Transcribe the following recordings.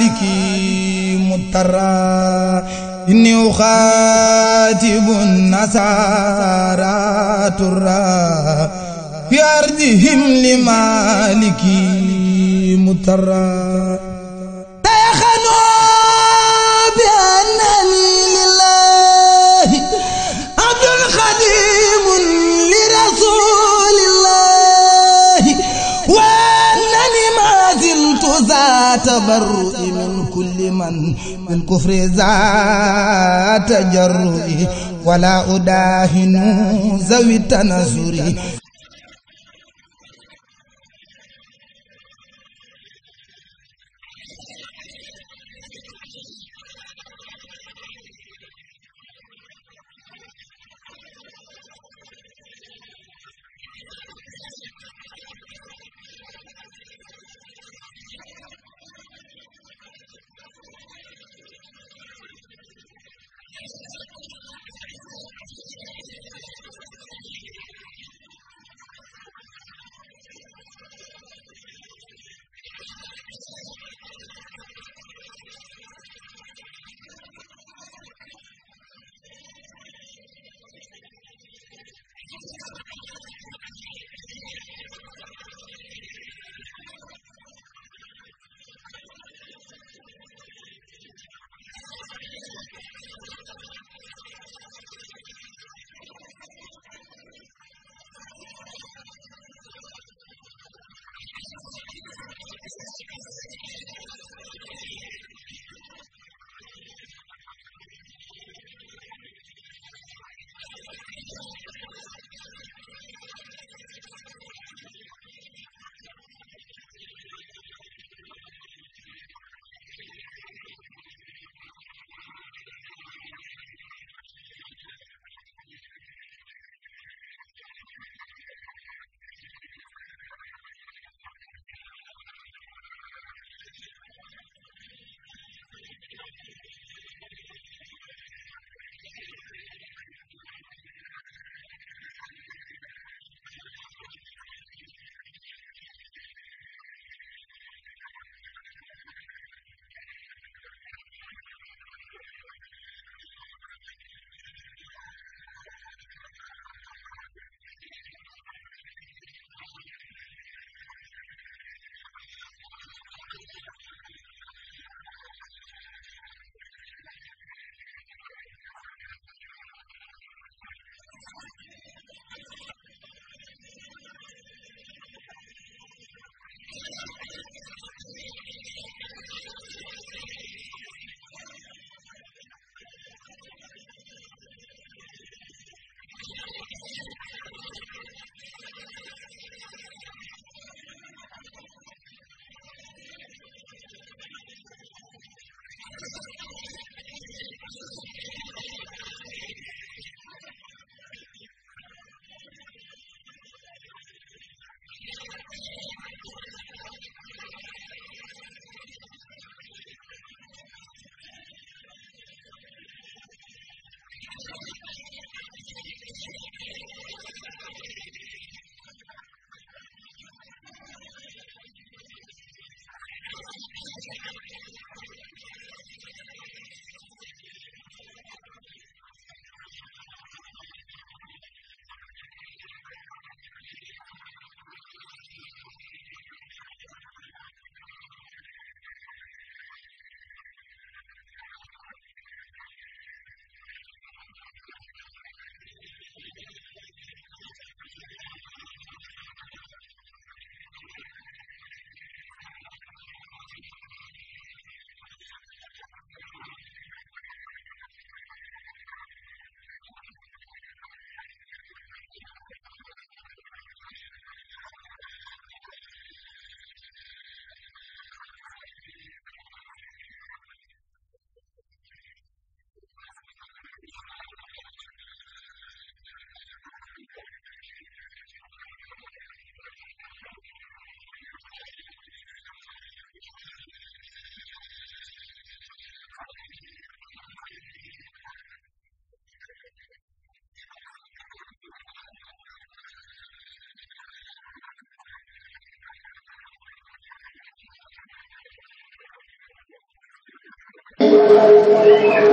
مالكي مضطرا إني أخاتب النصارى ترا في أرضهم لمالكي مضطرا تيخنوا بأنني لله عبد خديم لرسول الله وأنني ما زلت ذات بر من بالكفر ذات جري ولا أداهن ذوي التنصر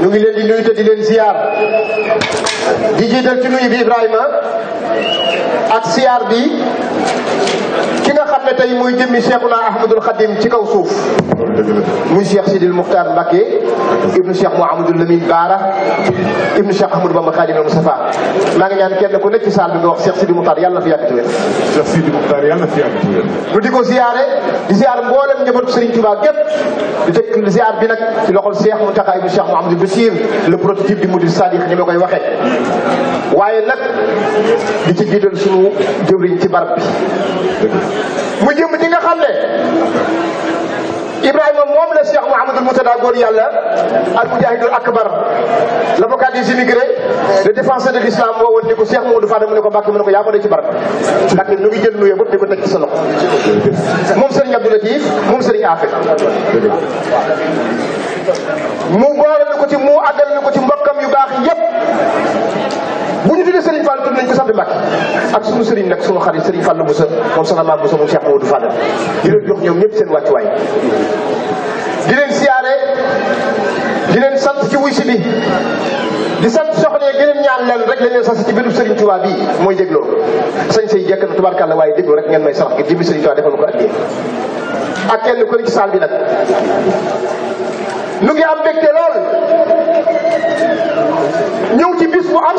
ñu ngi leen di nuyu te di leen ziar di jiital ci nuyu bi Ibrahima ak ziar bi. ne tey muy jëmmi Cheikhuna Ahmadul Khadim ci kaw suuf muy Cheikh Sidil Muxtaar Mbacke ibnu Cheikh Mouhamadou Lamine Baara ibnu Cheikh Ahmadou Bamba Khadimul Mustafa maa ngi ñaan kenn ku nekk ci saal bi nga wax Cheikh Sidil Muxtaar yàlla na fi yàgg ci wér Cheikh Sidil Muxtaar yàlla na fi yàgg ci wér nu di ko ziyaare di ziyaar mboolem njabootu Serigne Touba gépp di teg ziyaar bi nag ci loxol Cheikh Mountakha ibnu Cheikh Mouhamadou Bassir le prototype di Mouride Sadiq ni ma koy waxee waaye nag di ci jiital sunu jëwriñ ci barab mu jëm ji nga xam ne Ibrahima moom la Cheikh Mouhamadul Moutada góor yàlla al mujahidul akbar l'avocat des immigrés le défenseur de l'islam moo woon ni ko Cheikh Mouhamadou Fadam mu ne ko Mbàkke mu ne ko yaa ko de ci barab ndax ñu ngi jël nuyoo bëpp di ko teg ci sa loxo moom Serigne Abdou Latif moom Serigne Afé ko ci mu àggal ko ci mbokk Abdou Mbacke ak sunu sëriñ nag sunu xarit sëriñ Fallou Moussa moom soxna Mame Moussa mu Cheikh Mamadou Fadal di leen jox ñoom ñëpp seen wàccuwaay di leen siyaare di leen sant ci wuy si bi di sant soxna yi a ñaan leen rek lañ leen sas ci biiru Serigne Touba bii mooy dégloo sañ say jekk na tubaarkàlla waaye déglu rek ngeen may sarax gi jëmmi Serigne Touba defal ko addee ak kenn ko ci saal bi nag nu ngi am mbégte lool ñëw ci bis bu am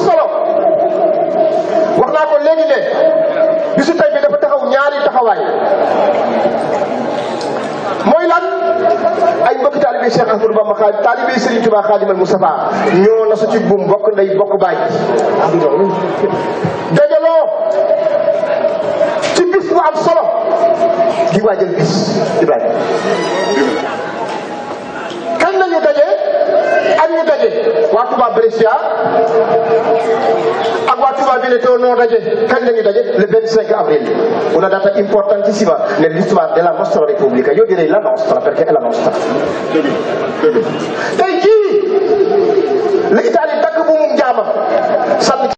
ay mbokki taalibe Cheikh Ahmadou Bamba xaaj taalibe Serigne Touba Xaadimal Moustapha ñoo na su ci buum bokk ndey bokk baay dajaloo ci bis bu am solo di waajal bis Ibrahima waa Touba Brescia ak waa Touba Veneto noo daje kañ la ñu daje le 25 aprile una data importantissima nell'histoire della nostra Repubblica io direi la nostra perché è la nostra tey jii l'Italie tagg bu mu jaama sànni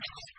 Thank you.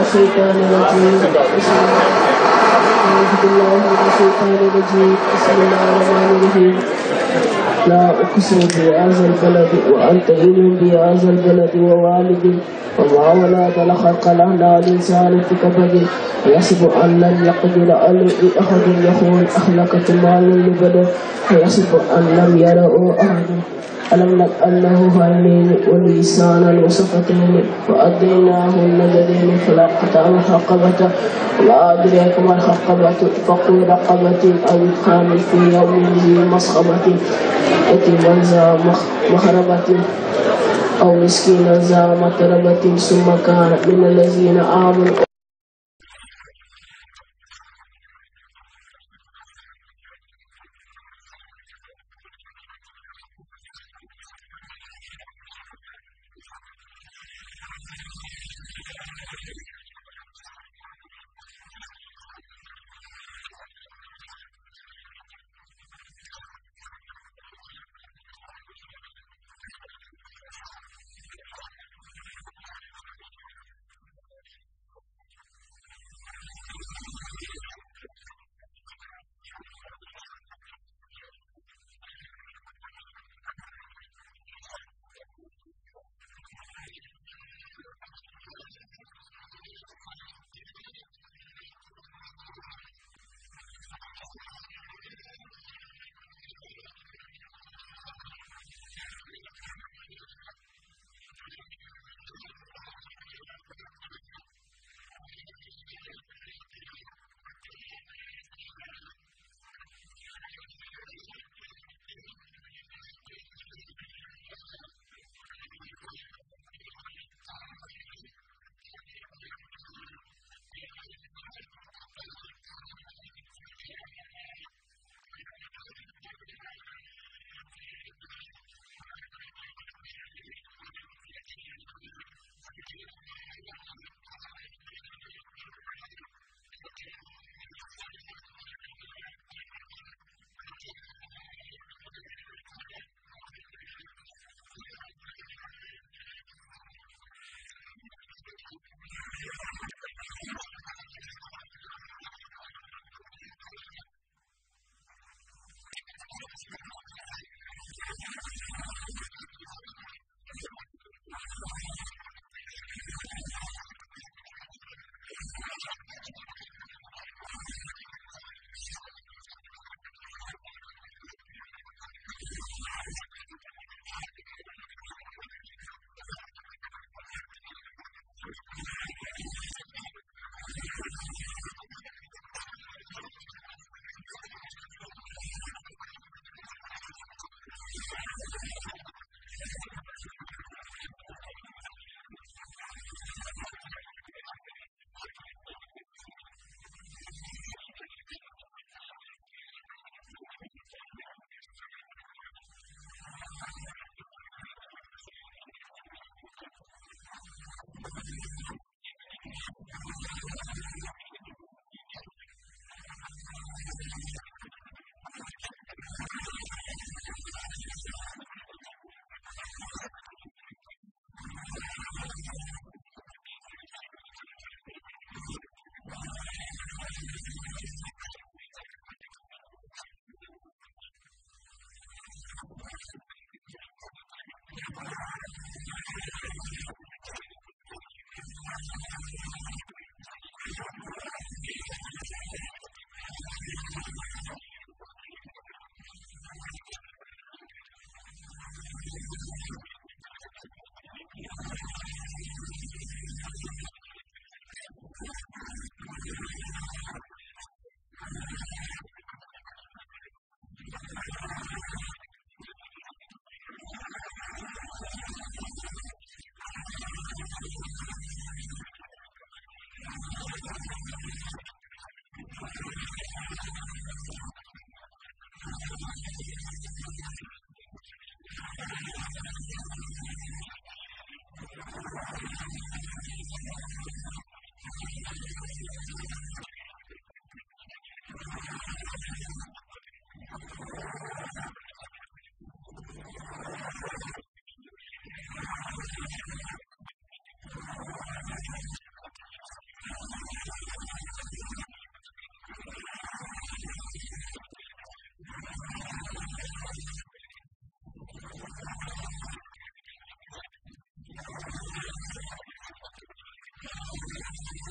الشيطان الرجيم بسم الله أعوذ بالله من الشيطان الرجيم بسم الله الرحمن الرحيم لا أقسم بهذا البلد وأنت إذن بهذا البلد ووالد وما ولد لخلق لنا الإنسان في كبد يحسب أن لم يقدر عليه أحد يقول أهلكت مال لبدا ويحسب أن لم يره أحد ألم أنه هرين ولسانا وصفتين وأديناه النجدين فلا قطع الحقبة وما أدريك ما الحقبة فقل رقبة أو إدخال في يوم ذي مسخبة يتيما ذا مخربة أو مسكينا ذا متربة ثم كان من الذين آمنوا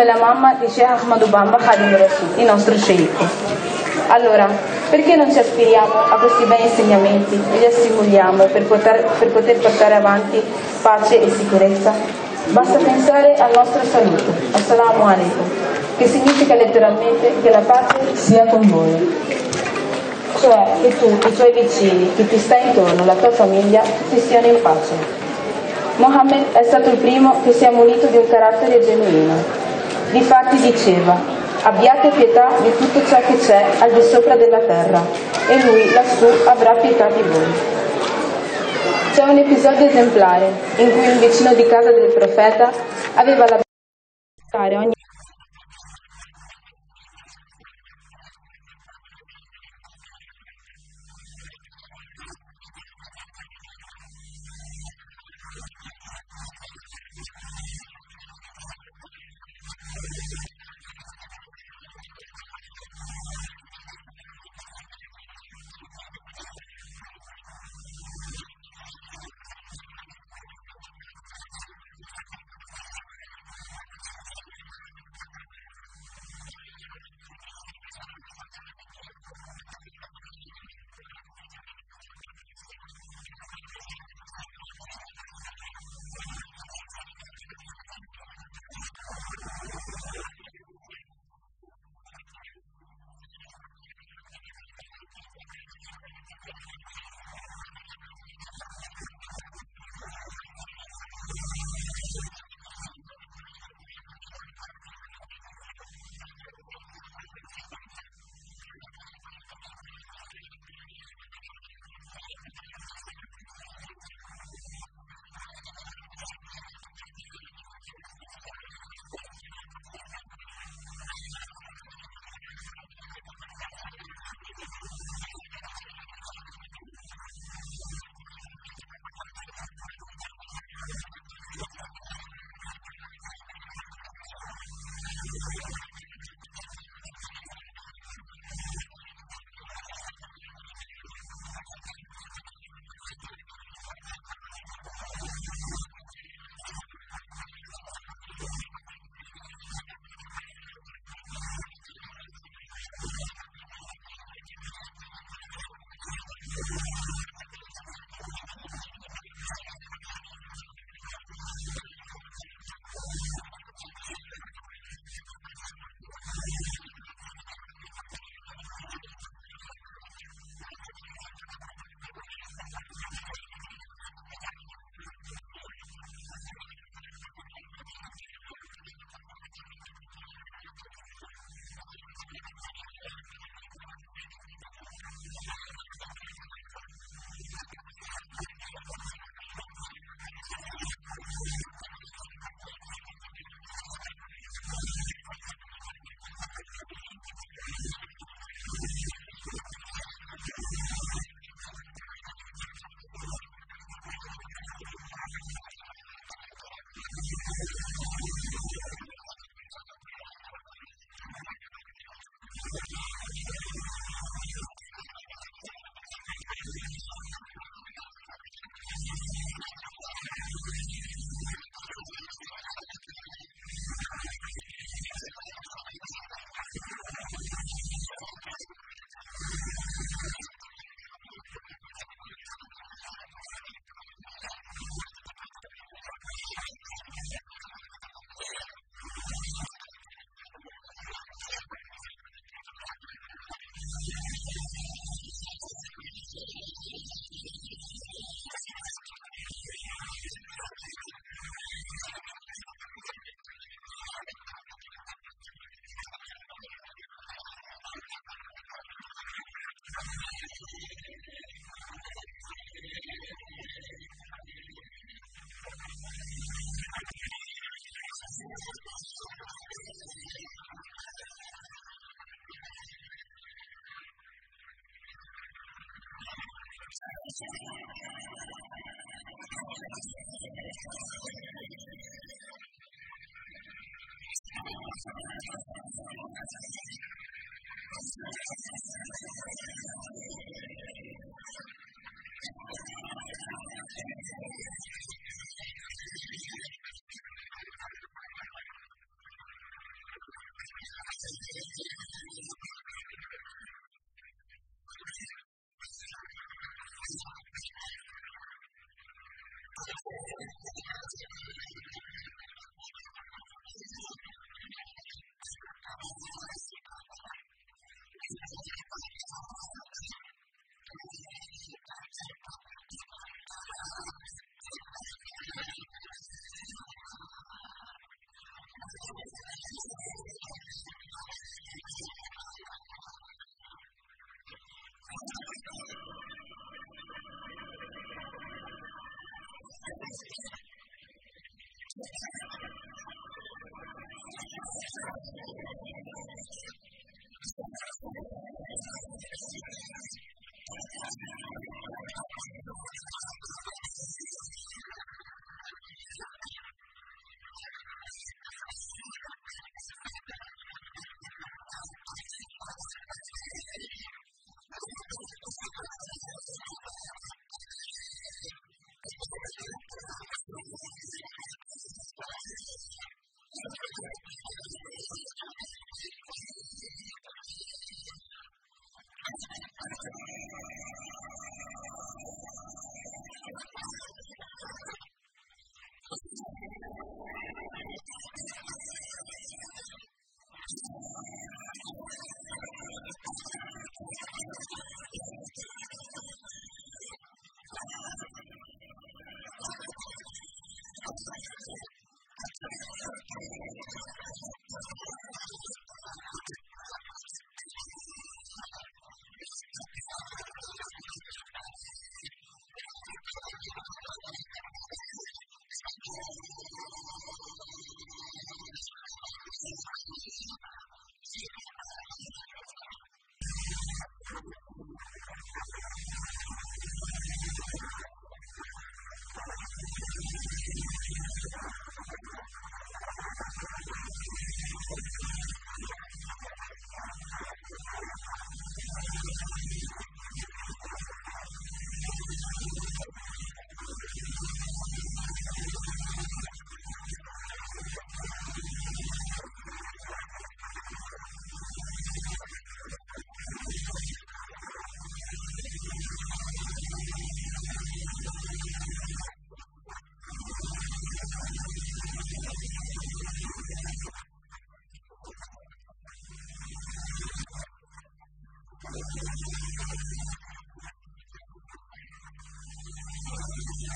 come la mamma di Sheikh Ahmadu Bamba Khadim Rasul, nostro sceicco. Allora, perché non ci aspiriamo a questi bei insegnamenti e li assicuriamo per poter, per avanti pace e sicurezza? Basta pensare al nostro saluto, assalamu alaikum, che significa letteralmente che la pace sia con voi cioè che tu, i tuoi vicini, chi ti sta intorno, la tua famiglia, tutti siano in pace. Mohammed è stato il primo che si munito di un carattere genuino, diceva, abbiate pietà di tutto ciò che c'è al di sopra della terra, e lui lassù avrà pietà di voi. C'è un episodio esemplare in cui un vicino di casa del profeta aveva la ogni Thank you.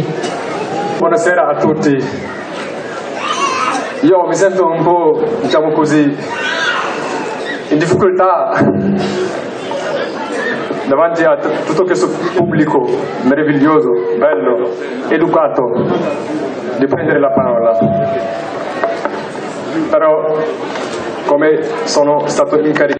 tutti. Buonasera a tutti. Io mi sento un po', diciamo così, in difficoltà davanti a tutto questo pubblico meraviglioso, bello, educato, di prendere la parola. Però, come sono stato incaricato,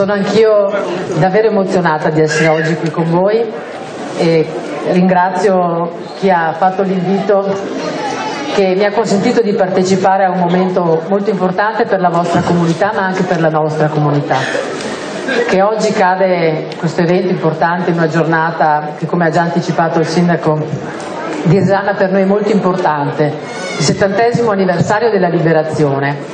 sono anch'io davvero emozionata di essere oggi qui con voi e ringrazio chi ha fatto l'invito che mi ha consentito di partecipare a un momento molto importante per la vostra comunità ma anche per la nostra comunità che oggi cade questo evento importante in una giornata che come ha già anticipato il sindaco di Esana per noi molto importante, il settantesimo anniversario della liberazione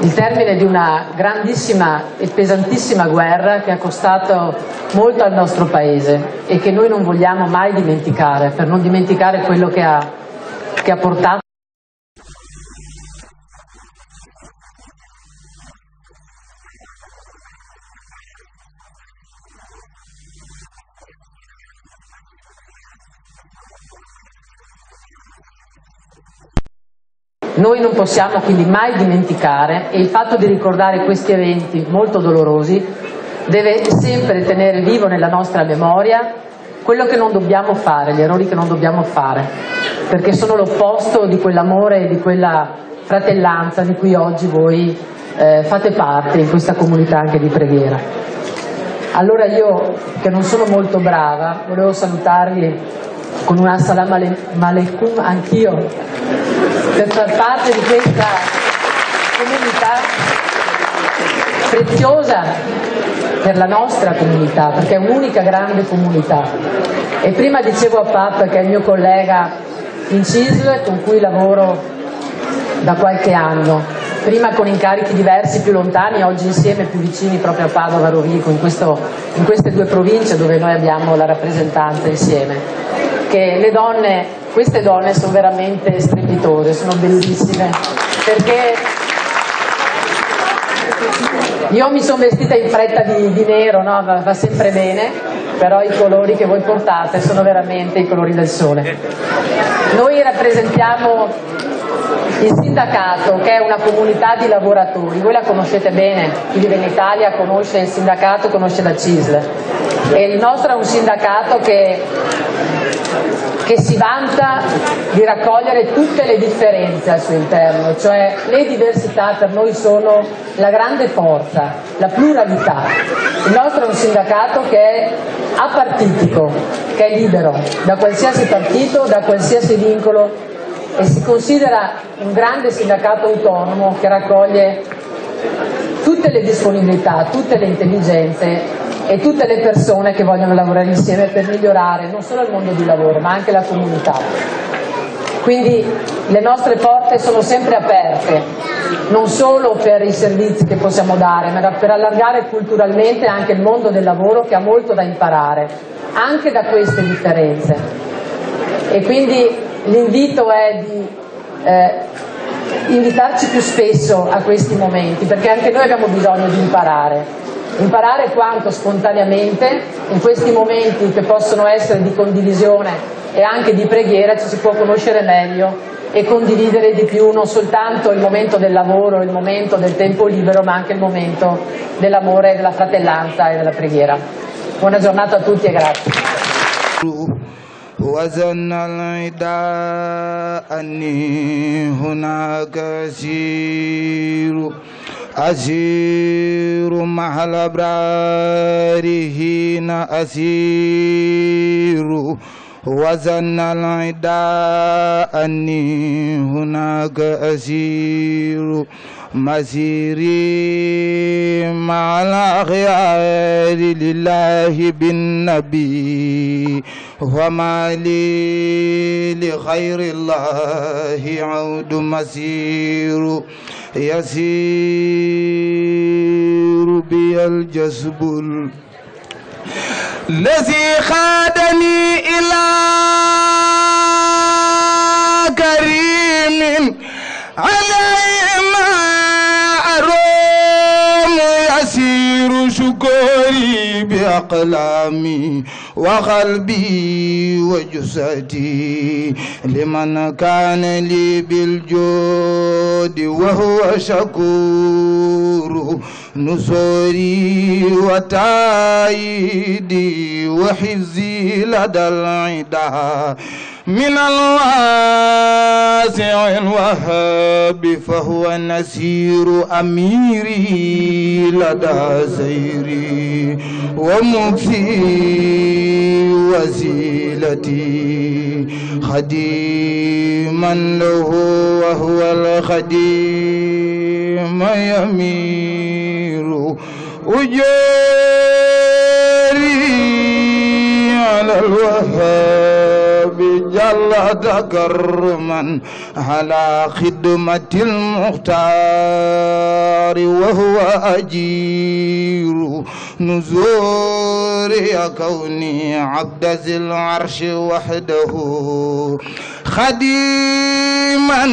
il termine di una grandissima e pesantissima guerra che ha costato molto al nostro Paese e che noi non vogliamo mai dimenticare, per non dimenticare quello che ha, portato. Noi non possiamo quindi mai dimenticare e il fatto di ricordare questi eventi molto dolorosi deve sempre tenere vivo nella nostra memoria quello che non dobbiamo fare, gli errori che non dobbiamo fare, perché sono l'opposto di quell'amore e di quella fratellanza di cui oggi voi eh, fate parte in questa comunità anche di preghiera. Allora io, che non sono molto brava, volevo salutarvi con un assalamualaikum anch'io per far parte di questa comunità preziosa per la nostra comunità, perché è un'unica grande comunità. E prima dicevo a Pap, che è il mio collega in e con cui lavoro da qualche anno, prima con incarichi diversi più lontani, oggi insieme più vicini proprio a Padova, Rovigo, in queste due province dove noi abbiamo la rappresentanza insieme. perché queste donne sono veramente strepitose, sono bellissime, perché io mi sono vestita in fretta di, nero, no? va, sempre bene, però i colori che voi portate sono veramente i colori del sole. Noi rappresentiamo il sindacato, che è una comunità di lavoratori, voi la conoscete bene, chi vive in Italia conosce il sindacato, conosce la CISL. E il nostro è un sindacato che che si vanta di raccogliere tutte le differenze al suo interno, cioè le diversità per noi sono la grande forza, la pluralità. Il nostro è un sindacato che è apartitico, che è libero da qualsiasi partito, da qualsiasi vincolo e si considera un grande sindacato autonomo che raccoglie tutte le disponibilità, tutte le intelligenze e tutte le persone che vogliono lavorare insieme per migliorare non solo il mondo di lavoro ma anche la comunità. Quindi le nostre porte sono sempre aperte, non solo per i servizi che possiamo dare, ma per allargare culturalmente anche il mondo del lavoro che ha molto da imparare, anche da queste differenze. E quindi l'invito è di eh, invitarci più spesso a questi momenti, perché anche noi abbiamo bisogno di imparare imparare quanto spontaneamente in questi momenti che possono essere di condivisione e anche di preghiera ci si può conoscere meglio e condividere di più non soltanto il momento del lavoro, il momento del tempo libero, ma anche il momento dell'amore, della fratellanza e della preghiera. Buona giornata a tutti e grazie. أسير مع الأبرار حين أسير وزن العدا أني هناك أسير مسيري مع الأخيار لله بالنبي وما لي لخير الله عود مسير يسير بي الجسب الذي خادني إلى كريم عليه góor لي بأقلامي وقلبي وجسدي لمن كان لي بالجود وهو شكور نصري وتايدي وحزي لدى العدا من الواسع الوهاب فهو نسير أميري لدى سيري ومفي وسيلتي خديما له وهو الخديم يمير أجاري على الوهاب جل تكرما على خدمة المختار وهو أجير نزور يا كوني عبد ذي العرش وحده خديما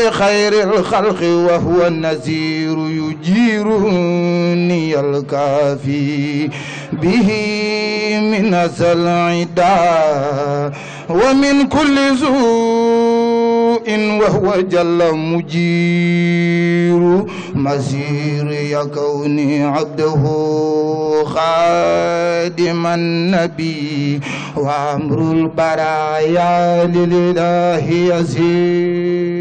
لخير الخلق وهو النذير يجيرني الكافي به من ذا العدا ومن كل زور in وهو جل مجير مزير يا كوني عبده خادم النبي وأمر البرايا لله يسير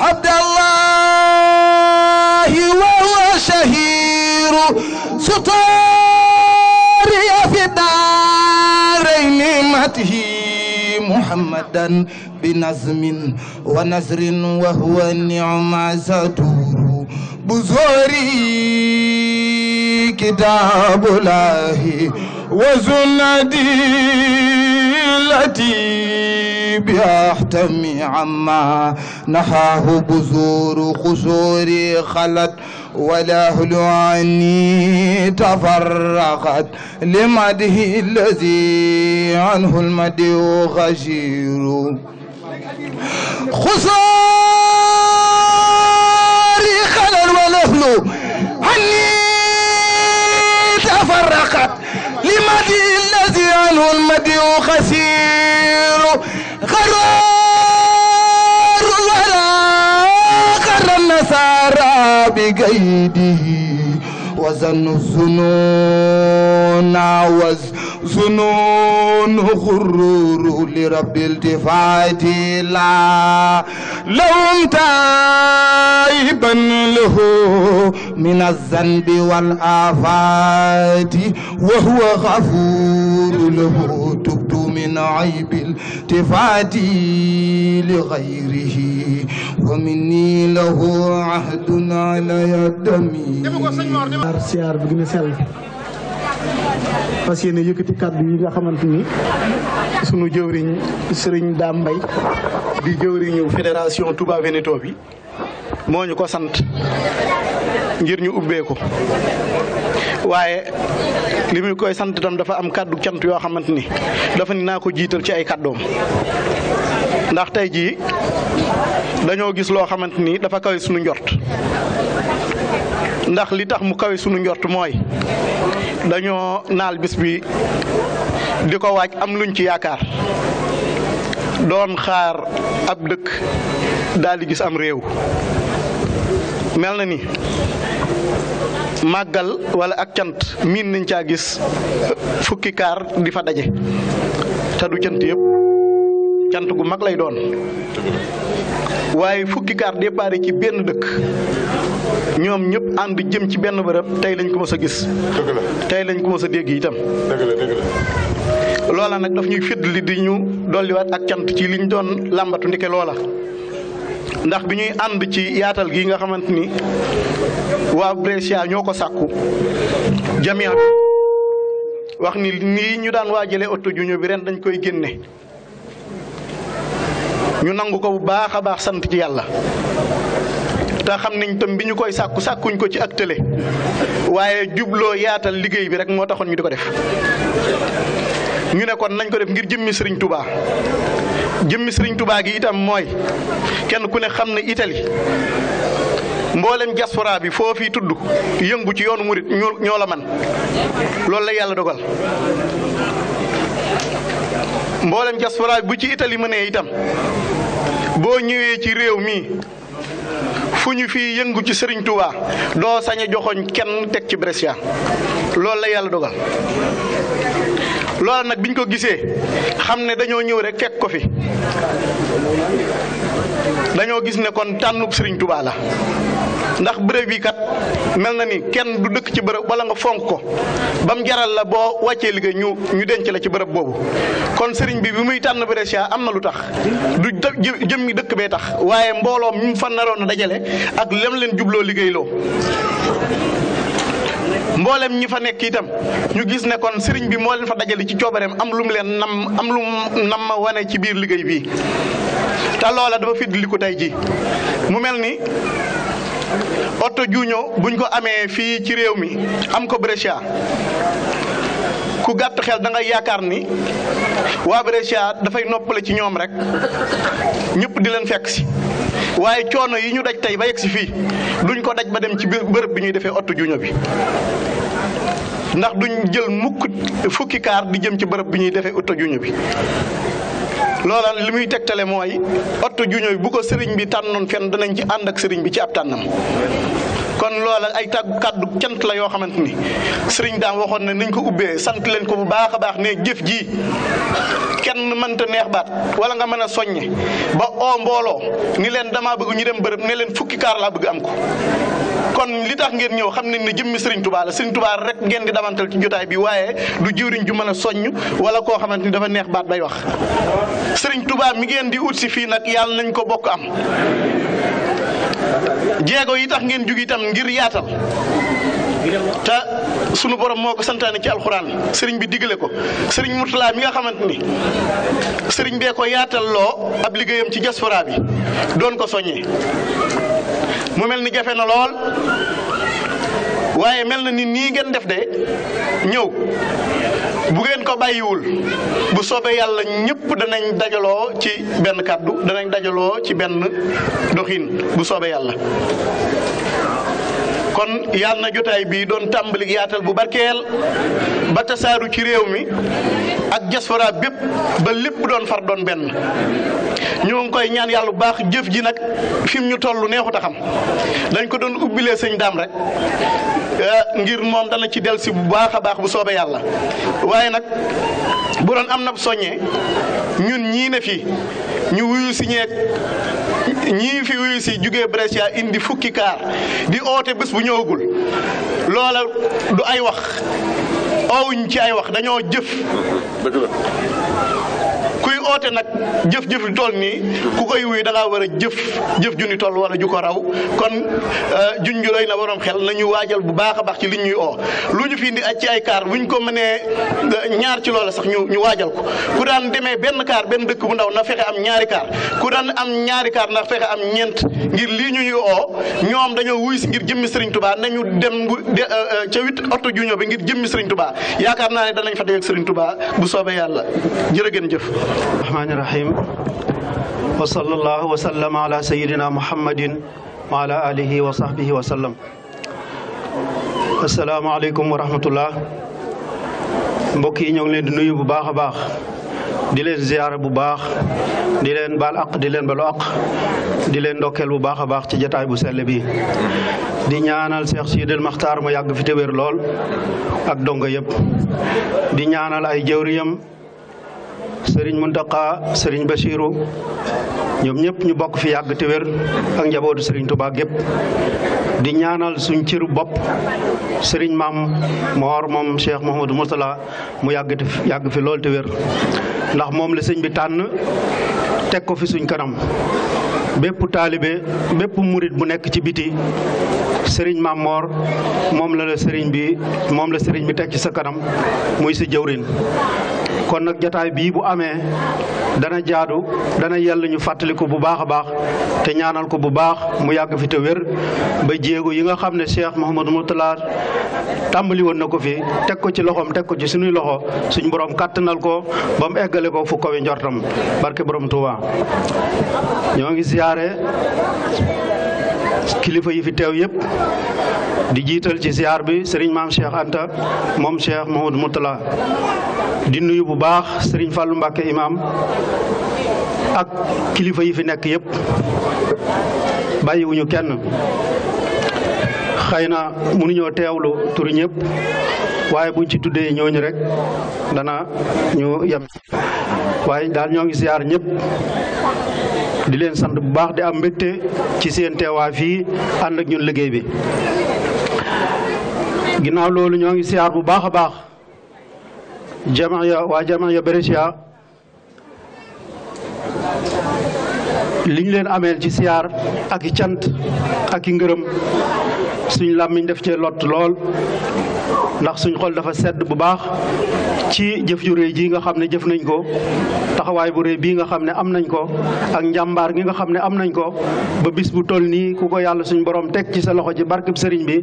عبد الله وهو شهير سطاري في الدار لمته محمدا بنظم ونزر وهو النعم زدور بزوري كتاب الله وزندي التي بأحتمي عما نحاه بزور قصوري خلت والأهل عني تفرقت لمده الذي عنه المدي غشير خصاري خلل والأهل عني بالمدي الذي عنه المدي خسير غرار ولا غر النصارى بقيده وزن الظنون عوز زنون غرور لرب التفات لا لهم تائبا له من الذنب والآفات وهو غفور له تبت من عيب التفات لغيره ومني له عهد على يدمي siyaar bi gën a sell fas yéene yëkkati kàddu yi nga xamante ni sunu jëwriñ sëriñ Dame Mbaye di jëwriñu fédération Touba Veneto bi moo ñu ko sant ngir ñu ubbee waaye li koy sant itam dafa am kàddu cant yoo xamante ni dafa ni naa ko jiital ci ay kàddoom ndax tey jii dañoo gis loo xamante ni dafa kawe sunu njort ndax li tax mu kawe sunu njort mooy dañoo naal bis bi di ko waaj am luñ ci yaakaar doon xaar ab dëkk daal di gis am réew mel na ni màggal wala ak cant miin nañ caa gis fukki kaar di fa daje te cant yëpp cant gu mag lay doon waaye fukki kaar départ ci benn dëkk ñoom ñëpp ànd jëm ci benn bërëb tey lañ ko mës a gis. tey lañ ko mës a dégg itam. dëgg loola nag daf ñuy fëddali di ñu dolliwaat ak cant ci liñ doon làmbatu ndike loola. ndax bi ñuy ànd ci yaatal gi nga xamante ni waa Brescia ñoo ko sàkku jamia wax ni nii ñu daan waajalee auto juñu bi ren dañ koy génne. ñu nangu ko bu baax a baax sant ci yàlla te xam nañ tam bi ñu koy sàkku sakkuñ ko ci ak tële waaye jubloo yaatal liggéey bi rek moo taxoon ñu di ko def ñu ne kon nañ ko def ngir jëmmi sëriñ tubaa jëmmi sëriñ tubaa gi itam mooy kenn ku ne xam ne itali mboolem diaspora bi foo fi tudd yëngu ci yoonu murit ñu ñoola man loolu la yàlla dogal mboolem diaspora bu ci Italie mënee itam boo ñëwee ci réew mi fu ñu fi yëngu ci sëriñ Touba doo sañ joxoñ kenn teg ci Brescia loolu la yàlla dogal loolu nag biñ ko gisee xam ne dañoo ñëw rek fekk ko fi dañoo gis ne kon tànnub Serigne Touba la ndax béréb bi kat mel na ni kenn du dëkk ci bërëb bala nga fonk ko ba mu jaral la boo wàccee liggéey ñu ñu denc la ci bërëb boobu kon sëriñ bi bi muy tànn Brescia am na lu tax du jëmmi dëkk bee tax waaye mbooloom ñu fa naroon a dajale ak lem leen jubloo liggéey loo mboolem ñi fa nekk itam ñu gis ne kon sëriñ bi moo leen fa dajale ci coobareem am lu mu leen nam am lum mu wane ci biir liggéey bi te loola dafa fidd li ko tey ji mu mel ni oto juuñoo buñ ko amee fii ci réew mi am ko Brescia ku gàtt xel da nga yaakaar ni waa Brescia dafay noppale ci ñoom rek ñëpp di leen fekk si waaye coono yi ñu daj tey ba yegg si fii duñ ko daj ba dem ci bërëb bi ñuy defee oto juño bi ndax duñ jël mukk fukki kaar di jëm ci bërëb bi ñuy defee oto juño bi loola li muy tegtale mooy ottu juño bi bu ko sëriñ bi tànnoon fenn danañ ci ànd ak sëriñ bi ci ab tànnam kon loola ay tàggu kàddu cant la yoo xamante ni sëriñ daam waxoon na niñ ko ubbee sant leen ko bu baax a baax ne jëf ji kenn mënta neex baat wala nga mën a soññe ba oo mbooloo ni leen damaa bëgg ñu dem bërëb ne leen fukki kaar laa bëgg am ko kon li tax ngeen ñëw xam ne ni jëmmi Serigne Touba la Serigne rek ngeen di damantal ci jotaay bi waaye du jiwriñ ju mën a soññ wala koo xamante ni dafa neex baat bay wax Serigne Touba mi ngeen di ut si fii nag yàlla nañ ko bokk am jéego yi tax ngeen jugitam ngir yaatal te sunu borom moo ko santaane ci alxuraan sëriñ bi digle ko sëriñ Mourtala mi nga xamante ni sëriñ bee ko yaatal loo ab liggéeyam ci diaspora bi doon ko soññee mu mel ni jafe na lool waaye mel na ni nii ngeen def de ñëw. bu ngeen ko bàyyiwul bu soobee yàlla ñëpp danañ dajaloo ci benn kàddu danañ dajaloo ci benn doxin bu soobee yàlla. kon yàlla na jotaay bii doon tàmbali yaatal bu barkeel ba tasaaru ci réew mi ak diaspora bépp ba lépp doon far doon benn ñu ngi koy ñaan yàlla bu baax jëf ji nag fi mu ñu toll neexut a xam dañ ko doon ubbilee sëñ daam rek eh, ngir moom dana ci delsi bu baax a baax bu soobee yàlla waaye nag bu doon am na soññee ñun ñii ne fii ñu wuyu si ñeeg ñii fi wuyu si jugee Brescia indi fukki kaar di oote bés bu ñëwagul loola du ay wax oowuñ ci ay wax dañoo jëf kuy oote nag jëf-jëf ju nii ku koy wuy da ngaa war a jëf jëf ju tool toll wala ju ko raw kon juñ euh, ju rëy na waroon xel na ñu waajal bu baax a baax ci liñ ñuy oo lu ñu fi indi ci ay kaar buñ ko mënee euh, ñaar ci loola sax ñu ñu waajal ko ku daan demee benn kaar benn dëkk bu ndaw na fexe am ñaari kaar ku daan am ñaari kaar na fexe am ñeent ngir lii ñu ñuy oo ñoom dañoo wuy si ngir jëmmi Sëriñ Tuubaa nañu dem bu euh, ca oto juñoo bi ngir jëmmi Sëriñ tubaa yakaar naa ne danañ fa dee ak Sëriñ Tuubaa bu soobee yàlla jërë ngeen jëf rahmaani rahim wa sallallahu wa sallam ala sayidina muhammadin wa ala alihi wa sahbihi wa sallam asalaamaaleykum wa rahmatullah mbokk yi ñoo ngi leen di nuyu bu baax a baax di leen ziyaara bu baax di leen baal aq di leen balu aq leen ndokkeel bu baax a baax ci jataay bu sell bi di ñaanal Cheikh Sidil Maxtaar mu yàgg fi te wér lool ak dongo yëpp di ñaanal ay jëwriyam sëriñ Muntaqa sëriñ ba Bachiru ñoom ñëpp ñu bokk fi yàgg te wér ak njabootu sëriñ Tuubaa gépp di ñaanal suñ ciru bopp sëriñ maam Moor moom Cheikh Mouhamadou Mourtala mu yàgg fi yàgg fi lool te wér ndax moom la sëñ bi tànn teg ko fi suñ kanam bépp taalibe bépp murit bu nekk ci biti sëriñ Mamor moom la la sëriñ bi moom la sëriñ bi teg ci sa kanam muy si jëwrin kon nag jataay bii bu amee dana jaadu dana yell ñu fàttali ko bu baax a baax te ñaanal ko bu baax mu yàgg fi te wér ba jéego yi nga xam ne Cheikh Mouhamadou Mourtala tàmbali woon na ko fi teg ko ci loxoom teg ko ci suñuy loxo suñ borom kàttanal ko ba mu eggale ko fu kawe njortam barke borom Touba ñoo ngi ziyaare kilifa yi fi teew yépp di jiital ci ziar bi sëriñ maam Cheikh Anta moom Cheikh Mouhamadou Moutala di nuyu bu baax sëriñ Fallou Mbacke imam ak kilifa yi fi nekk yëpp bàyyiwuñu kenn xëy na mënuñoo teewlu turu ñëpp waaye buñ ci tuddee ñooñu rek dana ñu yem waaye daal ñoo ngi ziar di leen sant bu baax di am mbégte ci seen teewaa fii ànd ak ñun liggéey bi ginnaaw loolu ñoo ngi siyaar bu baax a baax jamaaya waa jamaaya Brescia li ñu leen ameel ci siyaar ak i cant ak i ngërëm suñ làmmiñ def cee lott lool ndax suñ xol dafa sedd bu baax ci jëf ju réy ji nga xam ne jëf nañ ko taxawaay bu réy bii nga xam ne am nañ ko ak njàmbaar gi nga xam ne am nañ ko ba bis bu toll nii ku ko yàlla suñ borom teg ci sa loxo ci barkeb sëriñ bi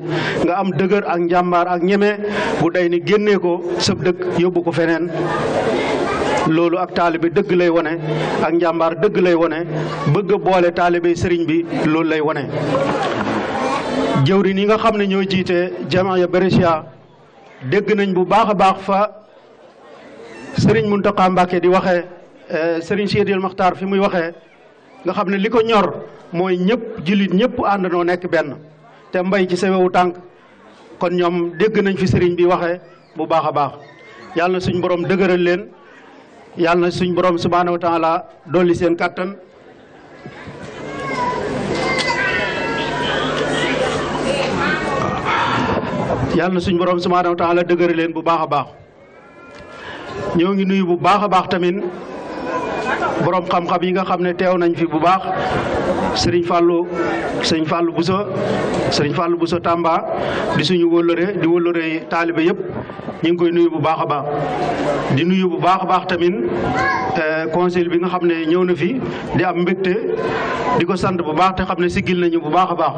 nga am dëgër ak njàmbaar ak ñeme bu day ni génnee ko sëb dëkk yóbbu ko feneen loolu ak taalibe dëgg lay wone ak njàmbaar dëgg lay wone bëgg a boole taalibe sëriñ bi loolu lay wone jëwriñ yi nga xam ne ñoo jiite jamaaya Brescia dégg nañ bu baax a baax fa sëriñ Muntaqa Mbàkke di waxee eh, sëriñ Seydil Maxtaar fi muy waxee nga xam ne li ko ñor mooy ñëpp jullit ñëpp àndandoo nekk benn te mbay ci sewewu tànk kon ñoom dégg nañ fi sëriñ bi waxee bu baax a baax yàlla na suñ borom dëgëral leen yàlla na suñ borom subhaanahu wa taala dolli seen kàttan yàlla na suñ borom subhaanahu wa taala leen bu baax a baax ñoo ngi nuyu bu baax a baax tamit borom xam-xam yi nga xam ne teew nañ fi bu baax sëriñ Fallou sëriñ Fallou Boussa sëriñ Fallou Boussa Tamba di suñu wëllëre di wëllëre taalibe yëpp ñu ngi koy nuyu bu baax a baax di nuyu bu baax a baax tamit eh, conseil bi nga xam ne ñëw na fi di am mbégte di ko sant bu baax te xam ne siggil nañu bu baax a baax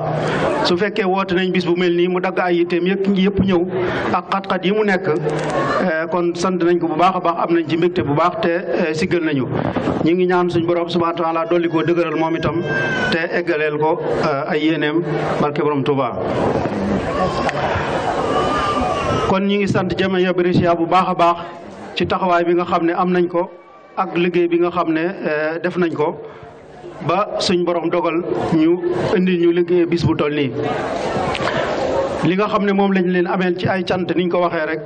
su fekkee woote nañ bis bu mel nii mu dagg ay yitteem yëpp ñëw ak xat-xat yi mu nekk eh, kon sant nañ ko bu baax a baax am nañ ci mbégte bu baax te eh, siggal nañu ñu ngi ñaan suñ borom subhaanahu wa taala dolli koo dëgëral moom itam te eggaleel ko euh, ay yéeneem barke borom Touba. kon ñu ngi sant Jamhiya Brescia bu baax a baax ci taxawaay bi nga xam ne am nañ ko ak liggéey bi nga xam ne euh, def nañ ko ba suñ borom dogal ñu indi ñu liggéey bis bu toll nii. li nga xam ne moom lañ leen ameel ci ay cant niñ ko waxee rek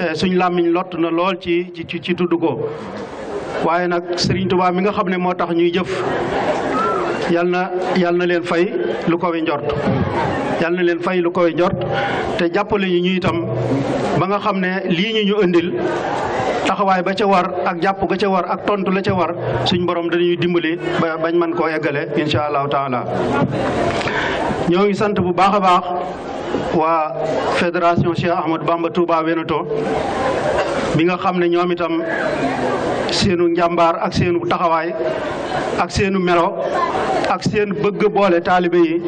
euh, suñ làmmiñ lot na lool ci ci ci tudd ko waaye nag Serigne Touba mi nga xam ne moo tax ñuy jëf yal na yal na leen fay lu koy njort yal na leen fay lu koy njort te jàppale ñu ñu itam ba nga xam ne lii ñu ñu indil taxawaay ba ca war ak jàpp ga ca war ak tontu la ca war suñ borom dañuy dimbali ba bañ mën koo eggale incha allahu taala ñoo ngi sant bu baax a baax. waa fédération Cheikh Ahmadou Bamba Touba Wénéto bi nga xam ne ñoom itam seenu njàmbaar ak seenu taxawaay ak seenu melo ak seen bëgg boole taalibe yi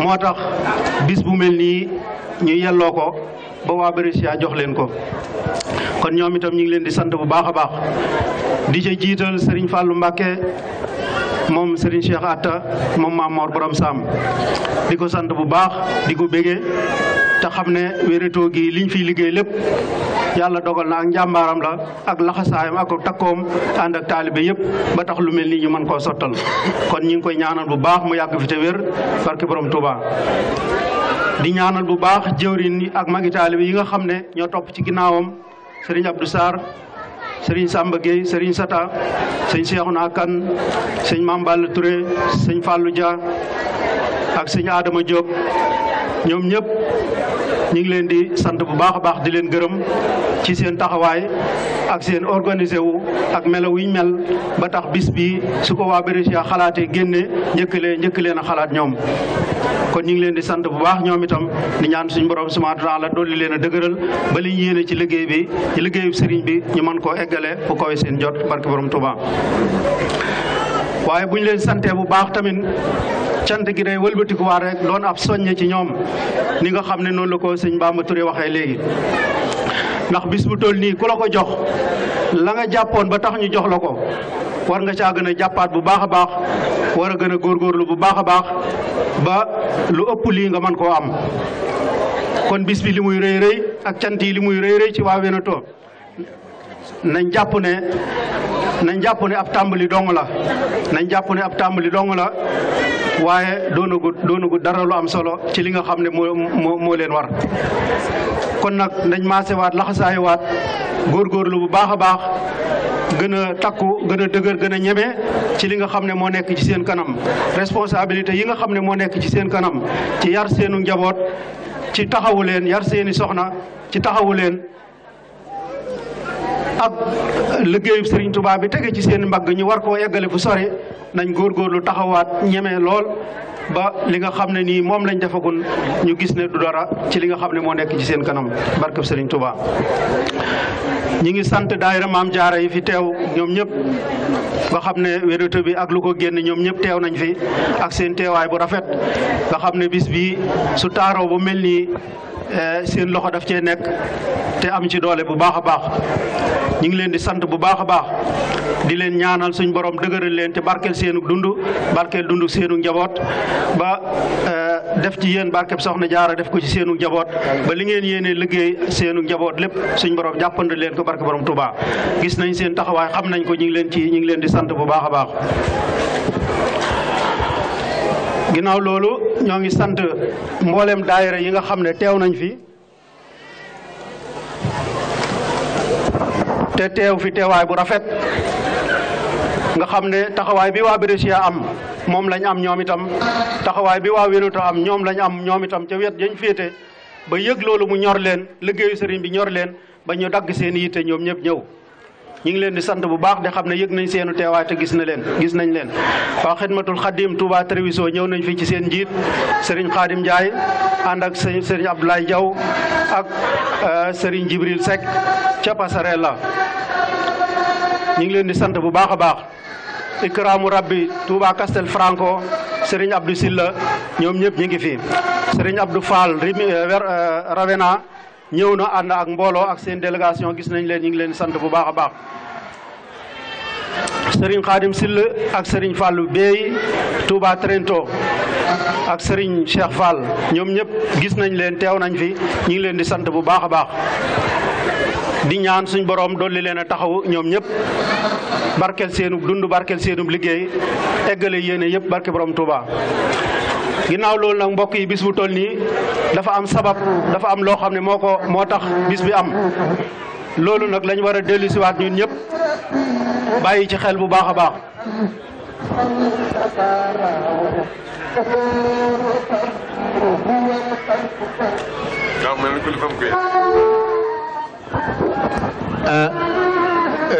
moo tax bis bu mel nii ñu yelloo ko ba waa Brescia jox leen ko kon ñoom itam ñu ngi leen di sant bu baax a baax di ca jiital Serigne Fallou Mbacké moom Serigne Cheikh Atta moom Maam Mor Borom Sam di ko sant bu baax di ko bégee te xam ne Wéréto gi liñ fiy liggéey lépp yàlla dogal na ak njàmbaaram la ak laxasaayam ak takkoom ànd ak taalibe yëpp ba tax lu mel nii ñu mën koo sottal kon ñu ngi koy ñaanal bu baax mu yàgg fi te wér barke Borom Touba. di ñaanal bu baax jëwriñ yi magi taalibe yi nga xam ne ñoo topp ci ginnaawam Serigne Abdou Sarr. sëriñ Samba Gueye sëriñ Sata sëñ Cheikhouna Kane sëñ Mame Balla Touré sëñ Fallou Dia ak sëñ Adama Diop ñoom ñëpp ñu ngi leen di sant bu baax a baax di leen gërëm ci seen taxawaay ak seen organisé wu ak melo wu ñu mel ba tax bis bi su ko waa Bérésia xalaatee génne njëkk leen njëkk leen a xalaat ñoom. kon ñu ngi leen di sant bu baax ñoom itam di ñaan suñu borom subhaanahu wa taala dolli leen a dëgëral ba li yéene ci liggéey bi ci liggéeyu sëriñ bi ñu man koo eggale bu kawe seen jot barke borom Touba. waaye bu ñu leen santee bu baax tamit cant gi day wëlbatikuwaat rek doon ab soññe ci ñoom ni nga xam ne noonu la ko sëñ Bamba Touré waxee léegi. ndax bis bu toll nii ku la ko jox la nga jàppoon ba tax ñu jox la ko war nga caa gën a jàppaat bu baax a baax war a gën a góorgóorlu bu baax a baax ba lu ëpp lii nga man koo am kon bis bi li muy rëy rëy ak cant yi li muy rëy rëy ci waa Wénéto nañ jàpp ne nañ jàpp ne ab tàmbali dong la nañ jàpp ne ab tàmbali dong la waaye doonagu doonagu dara lu am solo ci li nga xam ne moo moo moo leen war kon nag nañ maasewaat laxasaayu waat góorgóorlu bu baax a baax gën a takku gën a dëgër gën ñeme ci li nga xam ne moo nekk ci seen kanam responsabilité yi nga xam ne moo nekk ci seen kanam ci yar seenu njaboot ci taxawu leen yar seeni soxna ci taxawu leen ak liggéeyub Serigne tubaab bi tege ci seen mbagg ñu war ko eggale fu sori nañ góorgóorlu taxawaat ñeme lool ba li nga xam ne nii moom lañ defagul ñu gis ne du dara ci li nga xam ne moo nekk ci seen kanam barkab Serigne Touba. ñi ngi sant daayira maam jaara yi fi teew ñoom ñëpp nga xam ne wérato bi ak lu ko génn ñoom ñëpp teew nañ fi ak seen teewaay bu rafet nga xam ne bis bi su taaroo bu mel nii Eh, seen loxo daf cee nekk te am ci doole bu baax a baax ñu ngi leen di sant bu baax a baax di leen ñaanal suñ borom dëgëral leen te barkeel seenu dund barkeel dund seenu njaboot ba eh, def ci yéen barkeb soxna jaara def ko ci seenu njaboot ba li ngeen yéenee liggéey seenu njaboot lépp suñ borom jàppandi leen ko barke borom Touba gis nañ seen taxawaay xam nañ ko ñu ngi leen ci ñu ngi leen di sant bu baax a baax ginnaaw loolu ñoo ngi sant mboolem daayira yi nga xam ne teew nañ fi te teew fi teewaay bu rafet nga xam ne taxawaay bi waa Brescia am moom lañ am ñoom itam taxawaay bi waa Veneto am ñoom lañ am ñoom itam ca wet yañ féete ba yëg loolu mu ñor leen liggéeyu sëriñ bi ñor leen ba ñu dagg seen yitte ñoom ñëpp ñëw ñu ngi leen di sant bu baax de xam na yëg nañ seenu teewaay te gis na leen gis nañ leen waa xidmatul xadim Touba Treviso ñëw nañ fi ci seen njiit Serigne Khadim Ndiaye ànd ak Serigne Abdoulaye Diaw ak euh, Serigne Jibril Seck ca Pasarella ñu ngi leen di sant bu baax a baax ikraamu rabbi Touba Castel Franco Serigne Abdou Silla ñoom ñëpp ñu ngi fi Serigne Abdou Fall euh, euh, Ravena ñëw na ànd ak mbooloo ak seen délégation gis nañ leen ñu ngi leen sant bu baax a baax sëriñ Xaadim Sill ak sëriñ Fallou Bey Touba Trento ak sëriñ Cheikh Fall ñoom ñëpp gis nañ leen teew nañ fi ñu ngi leen di sant bu baax a baax di ñaan suñ boroom dolli leen a taxaw ñoom ñëpp barkeel seenub dund barkeel seenub liggéey eggale yéene yëpp barke borom Touba ginnaaw loolu nag mbokk yi bis bu toll nii dafa am sabab dafa am loo xam ne moo ko moo tax bis bi am loolu nag lañu war a dellu siwaat ñun ñëpp bàyyi ci xel bu baax a baax euh,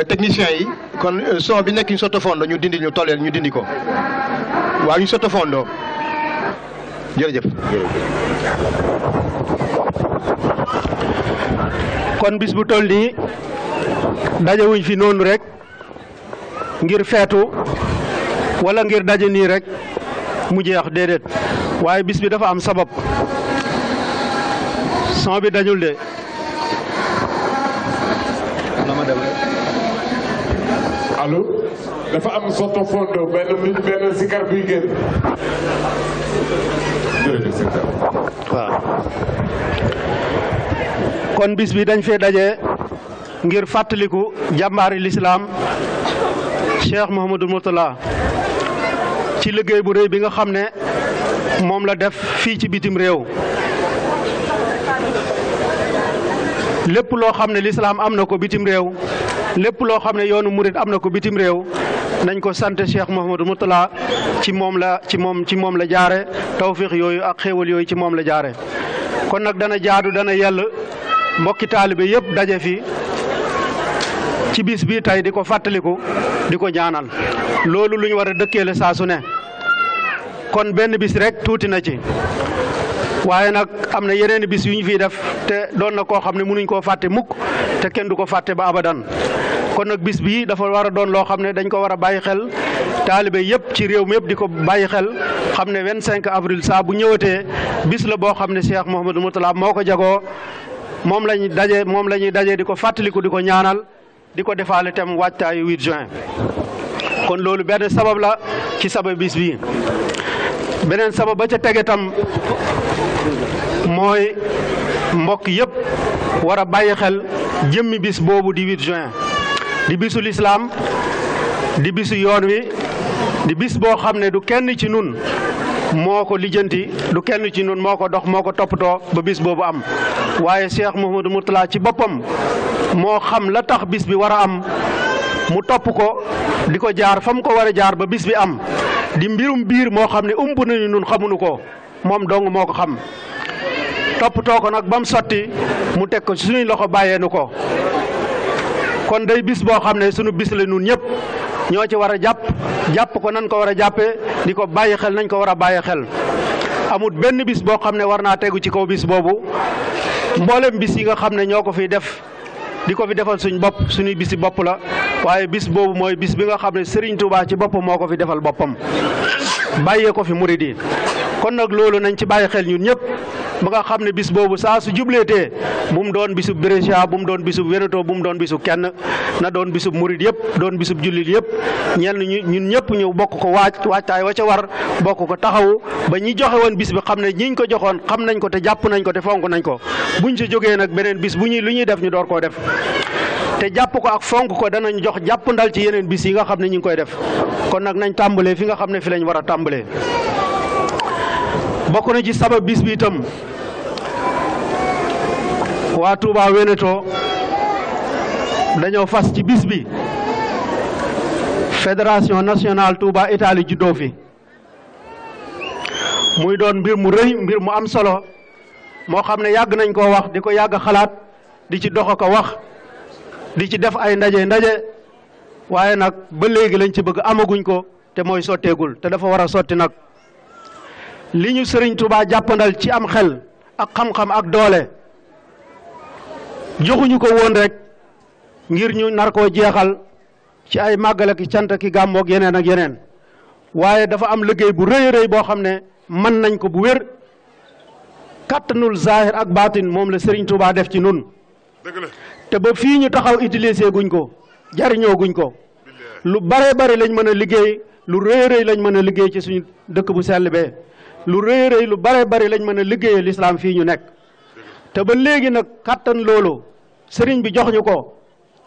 technicien yi kon son bi nekk ñu sotofondo ñu dindi ñu toleel ñu dindi ko waaw ñu sotofondo jërëjëf kon bis bu toll nii wuñ fi noonu rek ngir feetu walla ngir daje nii rek mu jeex déedéet waaye bis bi dafa am sabab son bi dañul de allo dafa am soto fondo benn bi benn sikar buy génn. jërëjëf kon bis bi dañ fee daje ngir fàttaliku jàmbaari lislaam Cheikh Mouhamadou Mourtala ci liggéey bu rëy bi nga xam ne moom la def fii ci bitim réew. lépp loo xam ne lislaam am na ko bitim réew lépp loo xam ne yoonu murit am na ko bitim réew nañ ko sant Cheikh Mouhamadou Moutala ci moom la ci moom ci moom la jaare tawfiix yooyu ak xéewal yooyu ci moom la jaare kon nag dana jaadu dana yell mbokki taalibe yépp daje fi ci bis bii tey di ko fàttaliku di ko ñaanal loolu lu ñu war a dëkkeele saasu ne kon benn bis rek tuuti na ci waaye nag am na yeneen bis yu ñu fiy def te doon na koo xam ne mënuñ koo fàtte mukk te kenn du ko fàtte ba abadan kon nag bis bii dafa war a doon loo xam ne dañ ko war a bàyyi xel taalibe yëpp ci réew mi yëpp di ko bàyyi xel xam ne 25 avril saa bu ñëwatee bis la boo xam ne Cheikh Mouhamadou Mourtala moo ko jagoo moom lañuy daje moom la ñuy daje di ko fàttaliku di ko ñaanal di ko defaale tam waajtaayu 8 juin kon loolu benn sabab la ci sabab bis bi beneen sabab ba ca tege tam mooy mbokk yëpp war a bàyyi xel jëmmi bis boobu di 8 juin. di bisu lislaam di bisu yoon wi di bis boo xam ne du kenn ci nun moo ko lijjanti du kenn ci nun moo ko dox moo ko toppatoo ba bis boobu am waaye Cheikh Mouhamadou Mourtala ci boppam moo xam la tax bis bi war a am mu topp ko di ko jaar fa mu ko war a jaar ba bis bi am di mbirum biir moo xam ne ump nañu nun xamuñu ko moom dong moo ko xam toppatoo ko nag ba mu sotti mu teg ko ci suñuy loxo bàyyeenu ko kon day bis boo xam ne suñu bis la ñun ñëpp ñoo ci war a jàpp jàpp ko nañ ko war a jàppee di ko bàyyi xel nañ ko war a bàyyi xel amut benn bis boo xam ne war naa tegu ci kaw bis boobu mboolem bis yi nga xam ne ñoo ko fiy def di ko fi defal suñu bopp suñuy bisi bopp la waaye bis boobu mooy bis bi nga xam ne Serigne Touba ci bopp moo ko fi defal boppam bàyyee ko fi murid yi kon nag loolu nañ ci bàyyi xel ñun ñëpp ba nga xam ne bis boobu saa su jubleetee bu mu doon bisub Brescia bu mu doon bisub Veneto bu mu doon bisub kenn na doon bisub murit yëpp doon bisub jullit yëpp ñenn ñun ñëpp ñu bokk ko waaj waajtaay wa ca war bokk ko taxawu ba ñi joxe woon bis bi xam ne ñiñ ko joxoon xam nañ ko te jàpp nañ ko te fonk nañ ko bu ñu ci jógee nag beneen bis bu ñuy lu ñuy def ñu door koo def te jàpp ko ak fonk ko danañ jox jàpp ndal ci yeneen bis yi nga xam ne ñu ngi koy def kon nag nañ tàmbalee fi nga xam ne fi lañ war a tàmbalee bokk na ci sabab bis bi itam waa Touba Wénéto dañoo fas ci bis bi fédération nationale Touba Italie juddoo fi muy doon mbir mu rëy mbir mu am solo moo xam ne yàgg nañ koo wax di ko yàgg xalaat di ci dox ko wax di ci def ay ndaje ndaje waaye nag ba léegi lañ ci bëgg amaguñ ko te mooy sotteegul te dafa war a sotti nag. li ñu sëriñ Touba jàppandal ci am xel ak xam-xam ak doole joxuñu ko woon rek ngir ñu nar koo jeexal ci ay màggal ak cant ki gàmmoog yeneen ak yeneen waaye dafa am liggéey bu rëy rëy boo xam ne mën nañ ko bu wér kàttanul zahir ak baatin moom la sëriñ Touba def ci nun te ba fii ñu taxaw utiliser guñ ko jariñoo guñ ko lu bare bare lañ mën a liggéey lu rëy rëy lañ mën a liggéey ci suñu dëkk bu sell bee lu rëy rëy lu bare bari lañ mën a liggéeyal lislaam fii ñu nekk te ba léegi nag kàttan looloo sëriñ bi jox ñu ko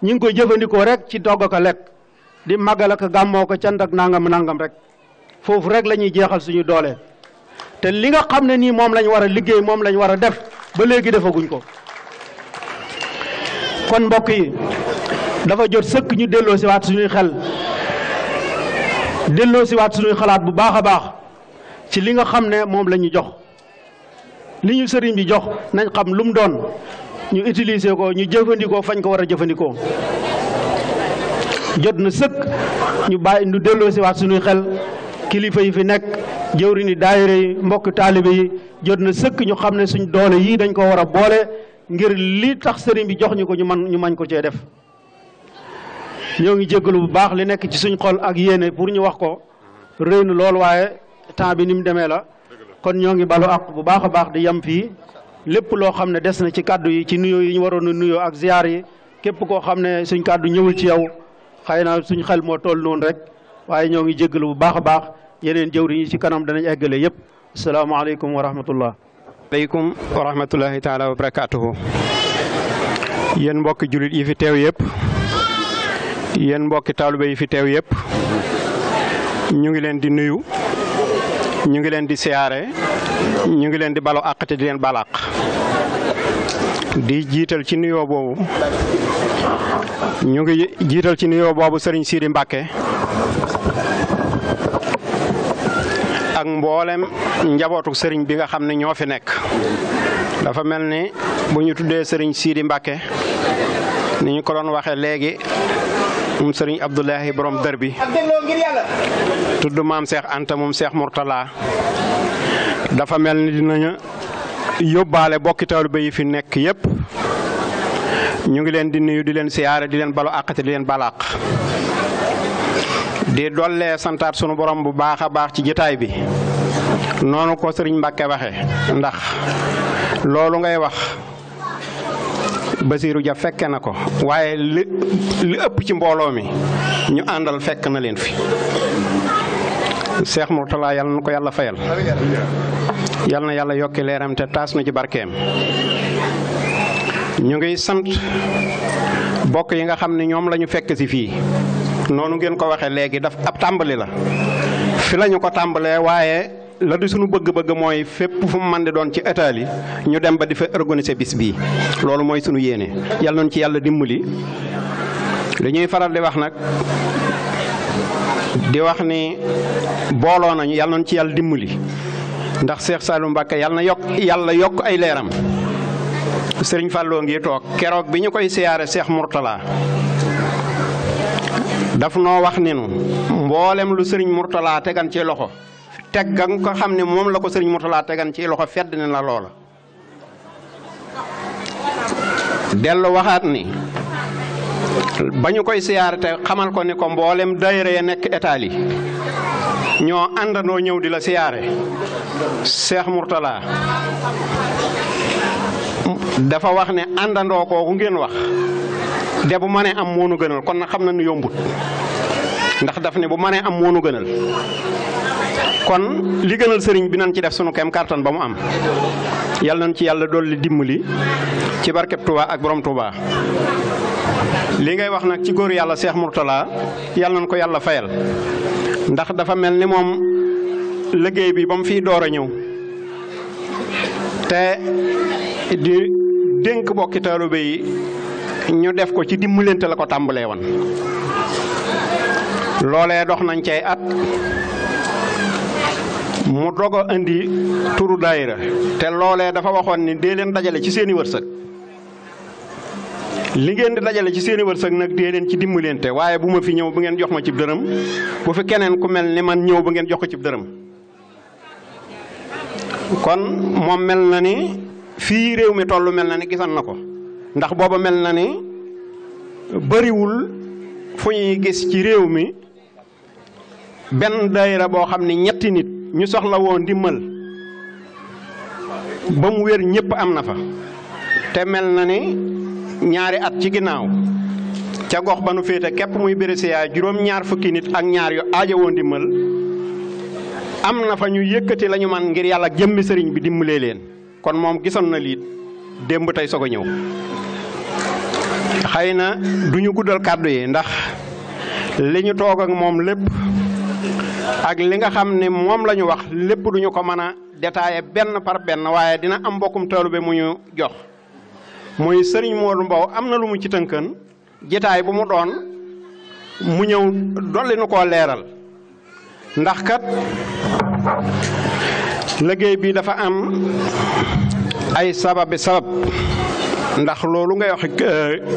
ñu ngi koy jëfandikoo rek ci togg ko lekk di màggal ak gàmmoo ko cant ak nangam nàngam rek foofu rek lañuy jeexal suñu doole te li nga xam ne nii moom lañu war a liggéey moom lañu war a def ba léegi defaguñ ko kon mbokk yi dafa jot sëkk ñu delloo si waat suñuy xel delloo si waat suñuy xalaat bu baax a baax ci li nga xam ne moom la ñu jox li ñu sëriñ bi jox nañ xam lu mu doon ñu utilise ko ñu jëfandikoo fañ ko war a jëfandikoo jot na sëkk ñu bàyyi ñu delloo si waat suñuy xel kilifa yi fi nekk jëwri ni daayira yi mbokk taalibe yi jot na sëkk ñu xam ne suñ doole yii dañ ko war a boole ngir lii tax sëriñ bi jox ñu ko ñu man ñu mañ ko cee def ñoo ngi jéggalu bu baax li nekk ci suñ xol ak yéene pour ñu wax ko réy na lool waaye temps bi ni mu demee la kon ñoo ngi balu àq bu baax a baax di yem fii lépp loo xam ne des na ci kàddu yi ci nuyoo yi ñu waroon a nuyoo ak ziar yi képp koo xam ne suñ kàddu ñëwul ci yow xëy na suñ xel moo toll noonu rek waaye ñoo ngi jéggalu bu baax a baax yeneen jëwriñ yi ci kanam danañ eggale yëpp asalaamaaleykum wa rahmatullah aleykum wa rahmatullahi taala yéen mbokki jullit yi fi teew yépp yéen mbokki taalibe yi fi teew yépp ñu ngi leen di nuyu ñu ngi leen di siyaare ñu ngi leen di balo àq di leen balaq di jiital ci nuyoo boobu ñu ngi jiital ci nuyoo boobu sëriñ Sidi mbake ak mboolem njabootu sëriñ bi nga xam ne ñoo fi nekk dafa mel ni bu ñu tuddee sëriñ Sidi mbake ni ñu ko doon waxee léegi moom sëriñ Abdoulahi borom dër bi tudd maam Cheikh Anta moom seex Mourtala dafa mel ni dinañu yóbbaale bokki taalibe yi fi nekk yépp ñu ngi leen di nuyu di leen siyaare di leen balu àq di leen balaax di dollee santaat sunu borom bu baax a baax ci jataay bi noonu ko sëriñ Mbàkke waxe ndax loolu ngay wax Basiiru Ja fekke na ko waaye li ëpp ci mbooloo mi ñu àndal fekk na leen fi Seex Murtala yal na ko yàlla fayal yal na yàlla yokki leeram te taas na ci barkeem ñu ngi sant bokk yi nga xam ne ñoom lañu fekk si fii noonu ngeen ko waxee léegi daf ab tàmbali la fi lañu ko tàmbalee waaye la di suñu bëgg-bëgg mooy fépp fu mu mën di doon ci Italie ñu dem ba di fa organiser bis bii loolu mooy sunu yéene yàlla noonu ci yàlla dimbali li ñuy faral di wax nag di wax ni booloo nañu yàlla noonu ci yàlla dimbali ndax seex Saliou Mbacké yàlla na yokk yàlla yokk ay leeram sëriñ Fallou ngi toog keroog bi ñu koy siyaare Cheikh Mourtala daf noo wax ni nu mboolem lu sëriñ Mourtala tegan ci loxo teg ga nga ko xam ne moom la ko sëriñ Murtala tegan ci loxo fedd ne la loola dellu waxaat ni ba ñu koy siyaare te xamal ko ni ko mboolem daayira ya nekk Itaali ñoo àndandoo ñëw di la siyaare Seex Murtala dafa wax ne àndandoo kooku ngeen wax de bu ma nee am moonu gënal kon na xam na nu yombut ndax daf ne bu ma nee am moonu gënal kon li gënal sëriñ bi nañ ci def sunu kem kartan ba mu am yàlla nañ ci yàlla dolli dimbali ci barkeb Touba ak borom Touba. li ngay wax nag ci góor yàlla Cheikh Mourtala yàlla nañ ko yàlla fayal ndax dafa mel ni moom liggéey bi ba mu fiy door a ñëw te di dénk bokki taalibe ñu def ko ci dimbalante la ko tàmbalee woon loolee dox nañ cay at. mu dog indi turu daayira te loolee dafa waxoon ni dee leen dajale ci seeni wërsëg li ngeen di dajale ci seeni wërsëg nag dee leen ci dimbalante waaye bu ma fi ñëw bu ngeen jox ma cib dërëm bu fi keneen ku mel ni man ñëw bu ngeen jox ko cib dërëm kon moom mel na ni fii réew mi toll mel na ni gisan na ko ndax booba mel na ni bariwul fu ñuy gis ci réew mi benn daayira boo xam ni ñetti nit ñu soxlawoo ndimmal ba mu wér ñëpp am na fa te mel na ni ñaari at ci ginnaaw ca gox ba nu féete képp muy Brescia juróom ñaar fukki nit ak ñaar yu aajowoo ndimmal am na fa ñu yëkkati lañu man ngir yàlla jëmmi sëriñ bi dimbalee leen kon moom gisoon na liit démb tey soog a ñëw xëy na du ñu guddal kàddu yi ndax li ñu toog ak moom lépp ak li nga xam ne moom la ñu wax lépp duñu ko mën a détaillé benn par benn waaye dina am mbokkum taalibe mu ñu jox muy sëriñ Modou Mbow am na lu mu ci tënkan jitaay bu mu doon mu ñëw dolli nu koo leeral ndax kat liggéey bii dafa am ay sababi sabab ndax loolu nga wax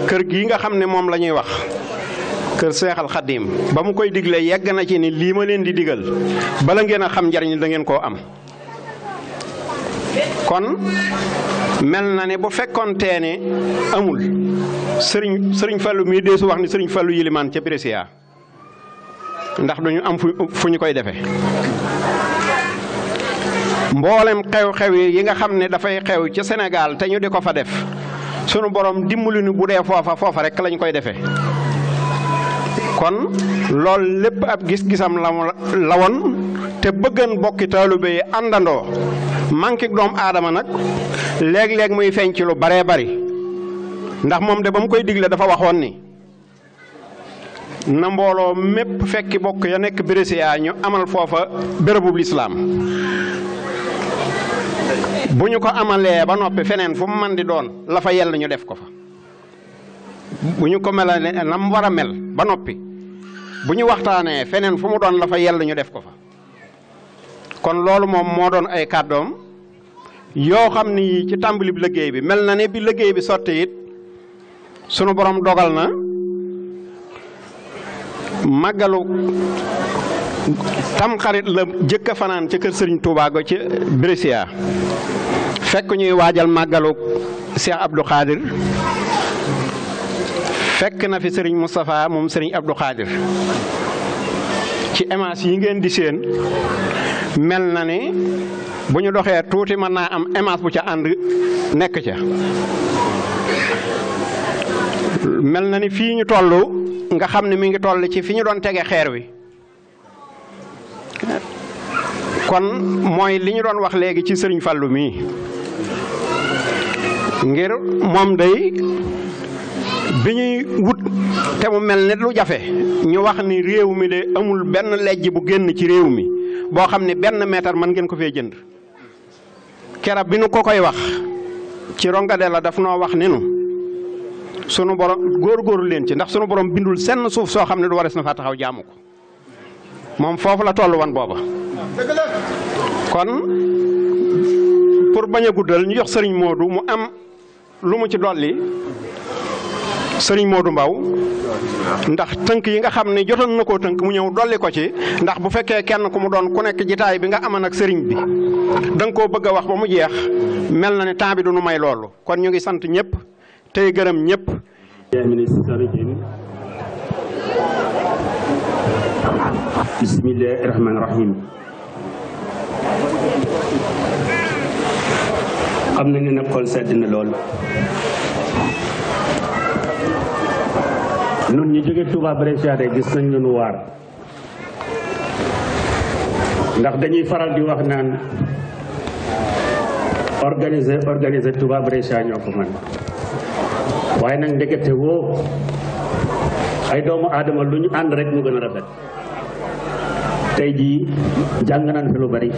kër gi nga xam ne moom lañuy wax kër seexal xaddiim ba mu koy digle yegg na ci ni lii ma leen di digal bala ngeen a xam njariñ la ngeen koo am kon mel na ne bu fekkontee ne amul sëriñ sëriñ Fallu mii dee su wax ni sëriñ Fallu yilimaan ca Brescia ndax ñu am fu ñu koy defee mboolem xew-xew yi nga xam ne dafay xew ca senegal te ñu di ko fa def sunu borom dimbali nu bu dee foofa foofa rek lañ koy defee kon loolu lépp ab gis-gisam la lawoon te bëggan bokki taalibe yi àndandoo manqué doomu aadama nag léeg-léeg muy feeñ ci lu baree bari ndax moom de ba mu koy digle dafa waxoon ni na mbooloo mépp fekki bokk ya nekk Brescia ñu amal foofa bérébub lislaam bu ñu ko amalee ba noppi feneen fu mu mën di doon la fa yell ñu def ko fa bu ñu ko melalee na mu war a mel ba noppi bu ñu waxtaanee feneen fu mu doon lafa fa ñu def ko fa kon loolu moom moo doon ay kàddoom yoo xam ni ci tàmbali bi liggéey bi mel na ne bi liggéey bi sotti it sunu borom dogal na màggalu tamxarit la jëkk fanaan ci kër sëriñ Touba ci Brescia fekk ñuy waajal màggalu Cheikh Abdou Khadir fekk na fi sëriñ Moustapha moom sëriñ Abdou Khadir ci émence yi ngeen di seen mel na ni bu ñu doxee tuuti mën naa am émence bu ca ànd nekk ca mel na ni fii ñu toll nga xam ne mi ngi toll ci fi ñu doon tege xeer wi kon mooy li ñu doon wax léegi ci sëriñ Fallou mii ngir moom day bi ñuy wut te mu mel ni lu jafe ñu wax ni réew mi de amul benn lejj bu génn ci réew mi boo xam ne benn meetar mën ngeen ko fee jënd keroog bi nu ko koy wax ci rongade la daf noo wax ni nu sunu borom góorgóorlu leen ci ndax sunu borom bindul senn suuf soo xam ne du warees na faa taxaw jaamu ko moom foofu la toll won booba kon pour bañ a guddal ñu yox sëriñ Modou mu am lu mu ci dolli sëriñ Modou Mbaw ndax tënk yi nga xam ne jotoon na koo tënk mu ñëw dolli ko ci ndax bu fekkee kenn ku mu doon ku nekk jitaay bi nga amoon ak sëriñ bi danga nga koo bëgg a wax ba mu jeex mel na ne temps bi du nu may loolu kon ñu ngi sant ñëpp tey gërëm ñëpp. bismillaahi rahmaani rahiim. xam nañu ne xol sedd na lool. nun ñu jóge Touba Bresciate gis nañ lu nu waar ndax dañuy faral di wax naan organiser organiser Touba Brescia ñoo ko man waaye nag ndekete woo ay doomu aadama lu ñu ànd rek mu gën a rafet tey jii jàng nañ fi lu bari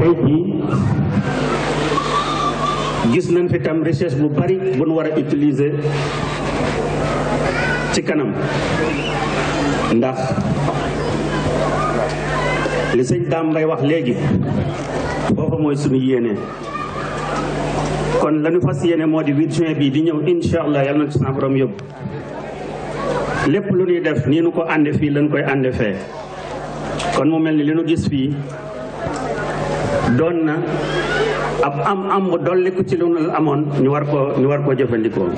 tey jii gis nañ fi tam richesse bu bari bu war a utiliser ci kanam ndax li sëñ Dame Mbaye wax léegi foofa mooy suñu yéene kon lañu fas yéene moo di 8 juin bii di ñëw incha allah yàlla na ci sama yóbbu lépp lu ñuy def nii nu ko ànde fii lañ koy ànde fee kon mu mel ni li nu gis fii doon na ab am am bu dolliku ci lu nu amoon ñu war ko ñu war koo jëfandikoo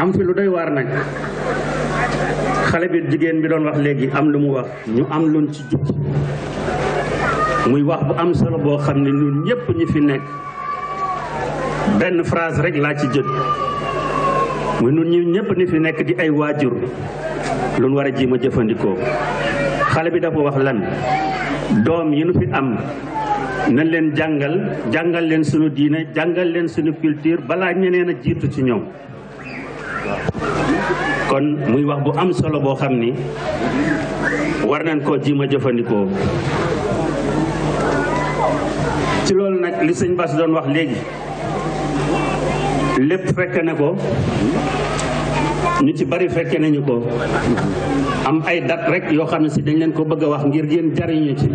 am fi lu doy waar nag xale bi jigéen bi doon wax léegi am lu mu wax ñu am luñ ci jub muy wax bu am solo boo xam ne ñun ñëpp ñu fi nekk benn phrase rek laa ci jot muy ñun ñi ñëpp ñi fi nekk di ay waajur lu nu war a ji ma jëfandikoo xale bi dafa wax lan doom yi nu fi am na leen jàngal jàngal leen sunu diine jàngal leen suñu culture balaa ñeneen a jiitu ci ñoom. kon muy wax bu am solo boo xam ni war nañ koo ji ma jëfandikoo ci loolu nag li sëñ Bass doon wax léegi lépp fekk na ko ñu ci bari fekke nañu ko am ay dat rekk yoo xam ne si dañ leen ko bëgg a wax ngir yéen jariñu ci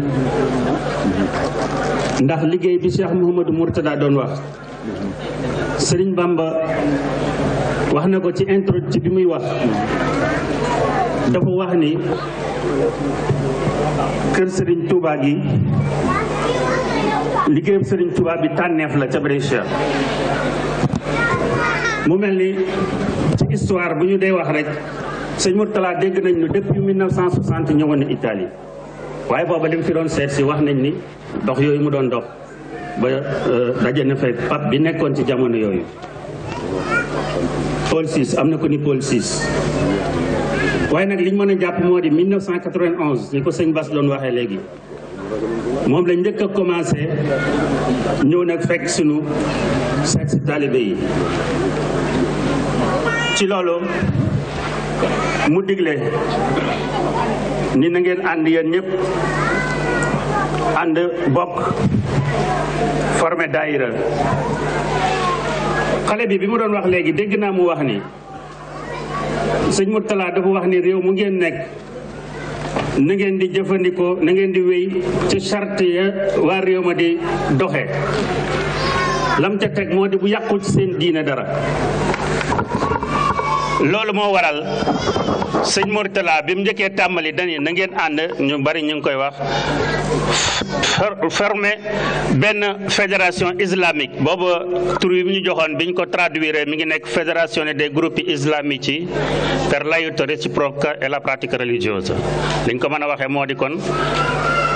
ndax liggéey bi Cheikh Mouhamadou Mourtada doon wax Sëriñ Bamba wax na ko ci intro ci bi muy wax dafa wax ni kër sëriñ Touba gi liggéeyam sëriñ Touba bi tànneef la ca Brescia mu mel ni ci histoire bu ñu dee wax rek sëñ Mourtala dégg nañ ni depuis 1960 ñëwoon na Italie waaye booba li mu fi doon seet si wax nañ ni dox yooyu mu doon dox ba euh, daje na pap bi nekkoon ci jamono yooyu. pôle 6 am na ko ni pôle 6 waaye nag liñ mën a jàpp moo di 1991 ni ko sëñ Bass doon waxee léegi moom lañ njëkk a commencé ñëw nag fekk suñu seet si yi ci loolu mu digle ni na ngeen ànd yéen ñëpp ànd bokk formé daayira xale bi bi mu doon wax léegi dégg naa mu wax ni sëñ Mourtala dafa wax ni réew mu ngeen nekk na ngeen di jëfandikoo na ngeen di wéy ci charte ya waa réew ma di doxe lam ca teg moo di bu yàqul ci seen diine dara loolu moo waral sëñ Mourtala bi mu njëkkee tàmbali dañuy na ngeen ànd ñu bari ñu ngi koy wax formé benn fédération islamique boobu tur yi ñu joxoon bi ñu ko traduire mi ngi nekk fédération des groupes islamiques yi per l'aiuto reciproco et la pratique religieuse dañ ko mën a waxee moo di kon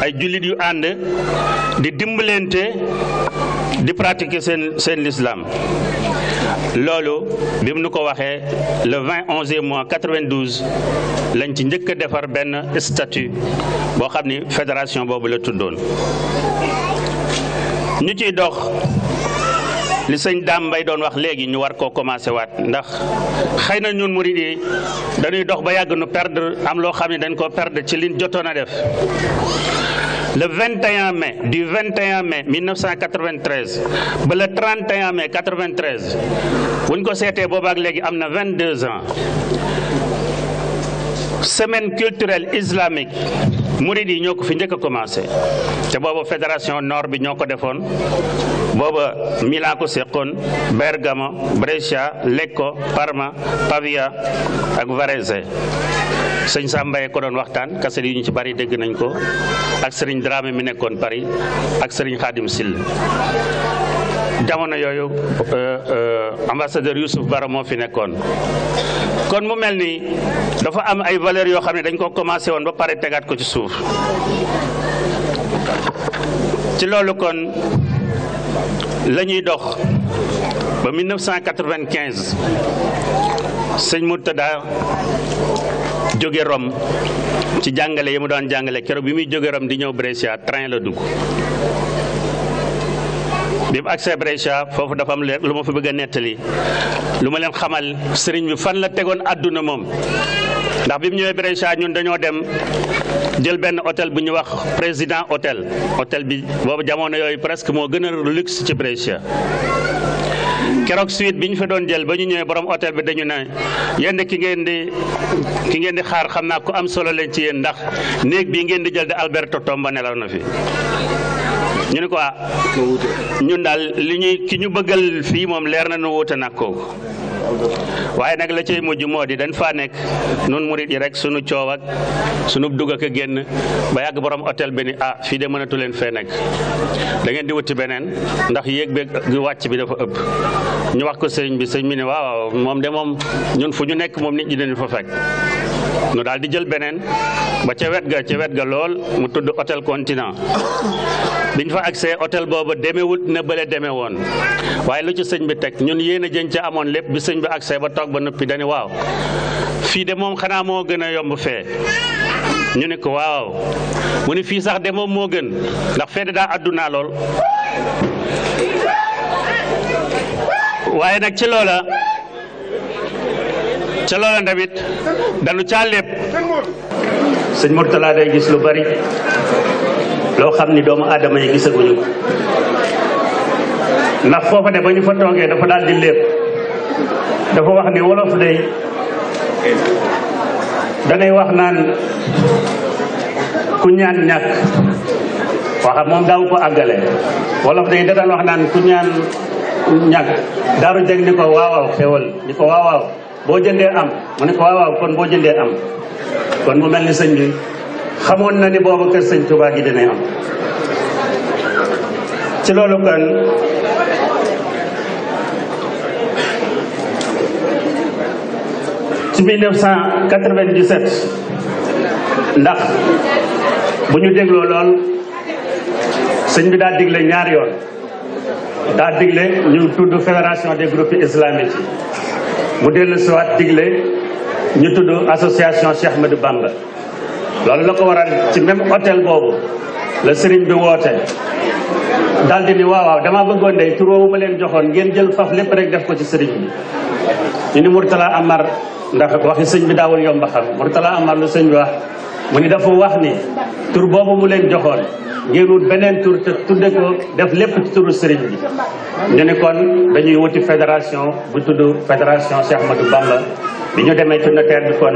ay jullit yu ànd di dimbalante di pratique seen seen l'islam loolu bi mu nu ko waxee le 20 11 mois 92 lañ ci njëkk a defar benn statut boo xam ni fédération boobu la tuddoon ñu ciy dox li sëñ Dame bay doon wax léegi ñu war koo commencé waat ndax xëy na ñun murid yi dañuy dox ba yàgg nu perdre am loo xam ne dañ koo perdre ci liñ jotoon a def le 21 mai du 21 mai 1993 ba le 31 mai 93 bu ñu ko seetee boobaak léegi am na 22 ans semaine culturelle islamique murid yi ñoo ko fi njëkk a commencé te booba fédération nord bi ñoo ko defoon booba Milan ko seqoon Bergamo Brescia lekko Parma Pavia ak Varese sëñ Sàmbaye ko doon waxtaan kaset yi ñu ci bari dégg nañ ko ak sëriñ Dramé mi nekkoon Paris ak sëriñ Xaadim Sill jamono yooyu euh, euh, ambassadeur Youssouf Bara moo fi nekkoon kon mu mel ni dafa am ay valeurs yoo xam ne dañ ko commencé woon ba pare tegaat ko ci suuf ci loolu kon la ñuy dox ba 1995 sëñ Murtada jóge Rome ci jàngale yi mu daan jàngale keroog bi muy jóge Rome di ñëw Brescia train la dugg. bi mu agsee Brescia foofu dafa am lu ma fa bëgg nettali lu ma leen xamal sëriñ bi fan la tegoon àdduna moom ndax bi mu ñëwee Brescia ñun dañoo dem jël benn hôtel bu ñu wax président hôtel hôtel bi boobu jamono yooyu presque moo gën a luxe ci Brescia keroog suite bi ñu fa doon jël ba ñu ñëwee borom hôtel bi dañu ne yenn ki ngeen di ki ngeen di xaar xam naa ku am solo leen ci yéen ndax néeg bii ngeen di jël de Alberto Tomba nelaw na fi ñu ne ko ah ñun daal li ñuy ki ñu bëggal fii moom leer na nu wuute nag kooku waaye nag la cay mujj moo di dañ faa nekk nun murit yi rek sunu coow sunu dugg ak génn ba yàgg borom hôtel bi ni ah fii de mënatu leen fee nekk da ngeen di wuti beneen ndax yëg beeg wàcc bi dafa ëpp ñu wax ko sëñ bi sëñ bi ne waaw moom de moom ñun fu ñu nekk moom nit ñi dañu fa fekk nu daal di jël beneen ba ca wet ga ca wet ga lool mu tudd hôtel continent biñ fa accès hôtel boobu demewut na bële deme woon waaye lu ci sëñ bi teg ñun yéen a jën ca amoon lépp bi sëñ bi accès ba toog ba noppi dañu waaw fii de moom xanaa moo gën a yomb fee ñu ne ko waaw mu fii sax de moom moo gën ndax fee de daa àdduna lool waaye nag ci loola ca loola tamit dañu caa lépp sëñ Mourtala gis lu bari loo xam ni doomu aadama yi gisaguñu ko ndax foofa de ba ñu fa toogee dafa daal di lépp dafa wax ni wolof day danay wax naan ku ñaan ñàkk waxa moom daaw ko àggale wolof day da wax naan ku ñaan ñàkk daaru jeg ni ko waawaaw xewal ni ko waawaaw boo jëndee am mu ne ko waaw waaw kon boo jëndee am kon mu mel ni sëñ bi xamoon na ni boobu kër sëñ Tuubaa gi dina am ci loolu kon ci 1997 ndax bu ñu dégloo lool sëñ bi daal digle ñaar yoon daa digle ñu tudd fédération des groupes islamiques mu dellu siwaat digle ñu tudd association Cheikh Ahmadou Bamba loolu la ko waral ci même hôtel boobu la sëriñ bi woote daal ni waaw waaw damaa bëggoon de tur woowu ma leen joxoon ngeen jël faf lépp rek def ko ci sëriñ bi ñu ni Mourtala Amar ndax waxi sëñ bi daawul yomba xam Mourtala Amar lu sëñ bi wax mu ni dafa wax ni tur boobu mu leen joxoon génnul beneen tur te tudde ko def lépp ci turu sëriñ bi ñu ni kon dañuy wuti fédération bu tudd fédération Cheikh Ahmadou Bamba bi ñu demee ci notaire bi kon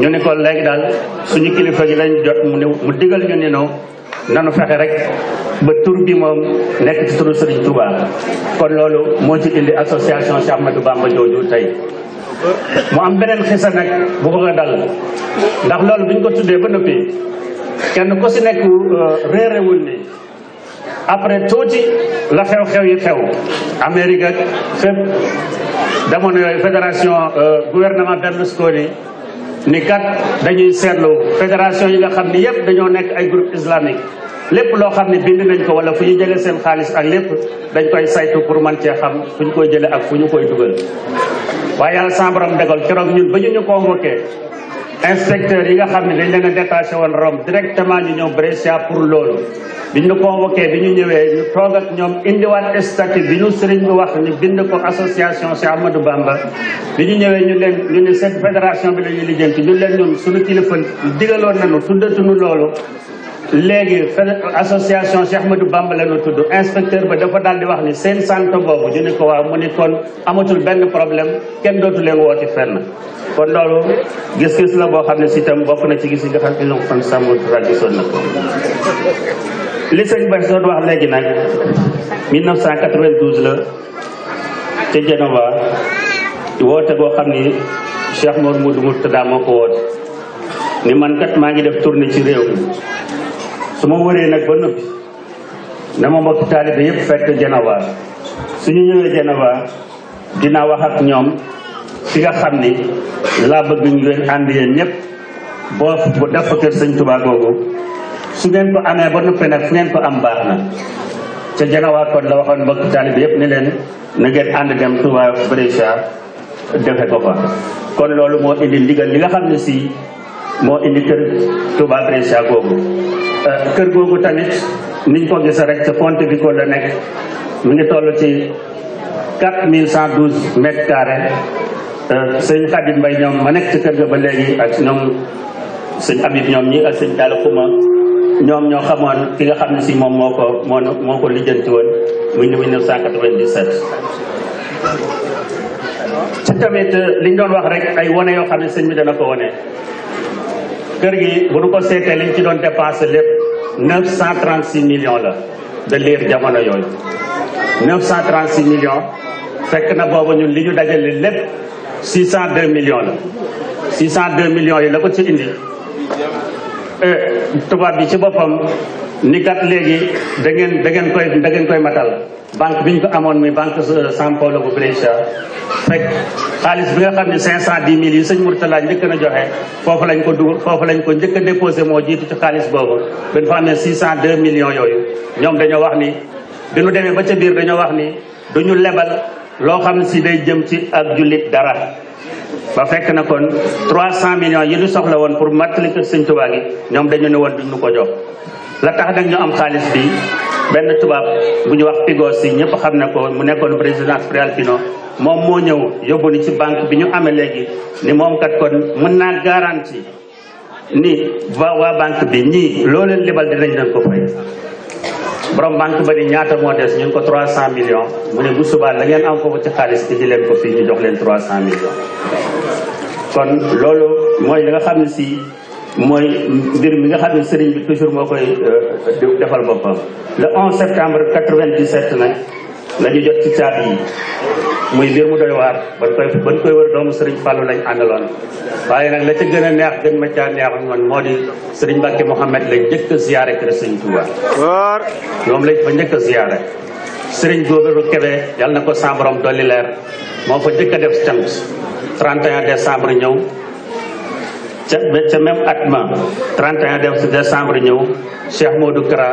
ñu ni kon léegi daal suñu kilifa gi lañ jot mu ne digal ñu ni noo nanu fexe rek ba tur bi moom nekk ci turu Serigne Touba kon loolu moo ci indi association Cheikh Ahmadou Bamba jooju tey mu am beneen xisa nag bu bëgg a dal ndax loolu bu ñu ko tuddee ba noppi kenn ku si nekk euh, réerewul ni après tuuti la xew-xew yi xew Amérique ak fépp damono yooyu fédération euh, gouvernement Berlusconi ni kat dañuy seetlu fédération yi nga xam ni yëpp dañoo nekk ay groupe islamique lépp loo xam ne bind nañ ko wala fu ñu jëlee seen xaalis ak lépp dañ koy saytu pour man cee xam fu ñu koy jëlee ak fu ñu koy dugal waaye yàlla sa keroog ñun ba ñu ñu convoqué inspecteur yi nga xam ne dañ leen a détaché woon Rome directement ñu ñëw Brescia pour loolu bi ñu convoqué bi ñu ñëwee ñu toog ñoom indiwaat statut bi ñu sëriñ bi wax ñu bind ko association si Amadou Bamba bi ñu ñëwee ñu leen ñu ne cette fédération bi la ñuy lijjanti ñu leen ñun suñu kilifa digaloon nañu tuddatuñu loolu léegi association Cheikh Ahmadou Bamba la ñu tudd inspecteur ba dafa daal di wax ni seen sant boobu ñu ne ko waaw mu ni kon amatul benn problème kenn dootu leen wooti fenn kon loolu gis-gis la boo xam ne si itam bokk na ci gis yi nga xam ne ñoom fan sàmm gisoon na ko li sëñ Bass doon wax léegi nag 1992 la ca Genova woote boo xam ni Cheikh Mouhamadou Mourtada moo ko woote ni man kat maa ngi def tournée ci réew mi su ma wëree nag ba noppi na ma mbokki taalibe yëpp fekk su ñu ñëwee Genova dinaa wax ak ñoom fi nga xam ni laa bëgg ñu leen ànd yéen ñëpp boo bu def fa kër sëñ Tuubaa googu su ngeen ko amee ba noppee nag fu ngeen ko am baax na ca Genova kon la waxoon mbokki taalibe yëpp ni leen na ngeen ànd dem Tuubaa Brescia defe ko fa kon loolu moo indi ndigal li nga xam ne si moo indi kër Tuubaa Brescia googu Euh, kër googu tamit niñ ko gisa rek ca Ponte bi ko la nekk mu ngi toll ci 4112 mètres carrés euh, sëñ Xadim Mbay ñoom ma nekk ci kër ga ba léegi ak ñoom sëñ Habib ñoom ñi ak sëñ Dalla Xuma ñoom ñoo xamoon ki nga xam ne si moom moo ko moo moo ko lijjanti woon muy 1997 ci tamit euh, liñ doon wax rek ay wone yoo xam ne sëñ bi dana ko wone kër gi bu nu ko seetee liñ lépp doon dépensé lépp 936 millions la de liir jamono yooyu 936 millions fekk na boobu ñun li ñu dajale lépp 602 millions la 602 millions yi la ko ci indi euh, tubaab bi ci boppam ni kat léegi da ngeen da ngeen koy da ngeen koy matal banque bi ñu ko amoon muy banque euh, San Paolo bu Brescia fekk xaalis bi nga xam ne cinq cent dix mille yi sëñ Mourtala njëkk na joxe foofu lañ ko dugal foofu lañ ko njëkk a déposé moo jiitu ci xaalis boobu ben fa amee million cent yooyu ñoom dañoo wax ni bi ñu demee ba ca biir dañoo wax ni duñu lebal loo xam ne si day jëm ci ak jullit dara ba fekk na kon trois cent millions yi ñu soxla woon pour mattali ko sëñ Tuubaa gi ñoom dañu ne woon duñu ko jox la tax nag ñu am xaalis bi benn tubaab bu ñu wax Pigossi ñëpp xam ne ko mu nekkoon présidence Frélpino moom moo ñëw yóbbu ni ci banque bi ñu amee léegi ni moom kat kon mën naa garantie ni waa waa banque bi ñii loo leen lebal dinañ leen ko fay. borom banque ba ni ñaata moo des ñun ngi ko 300 millions mu ne bu subaa la ngeen am foofu ci xaalis bi leen ko fii ñu jox leen 300 millions kon loolu mooy li nga xam ne si. mooy mbir mi nga xam ne sëriñ bi toujours moo koy euh, defal boppam le 11 septembre 97 nag la ñu jot ci caabi yi muy mbir mu doy waar ban koy ban koy wër doomu sëriñ Fallou lañ àndaloon waaye nag la ca gën a neex gën ma caa neexoon man moo di sëriñ Mbacke Mouhamed lañ njëkk a ziyaare kër sëriñ Touba ñoom lañ fa njëkk a ziyaare sëriñ Góoberu Kebe yàlla na ko samborom dolli leer moo ko njëkk a def cant 31 décembre ñëw ca ca même at ma 31 décembre ñëw Cheikh Modou Kara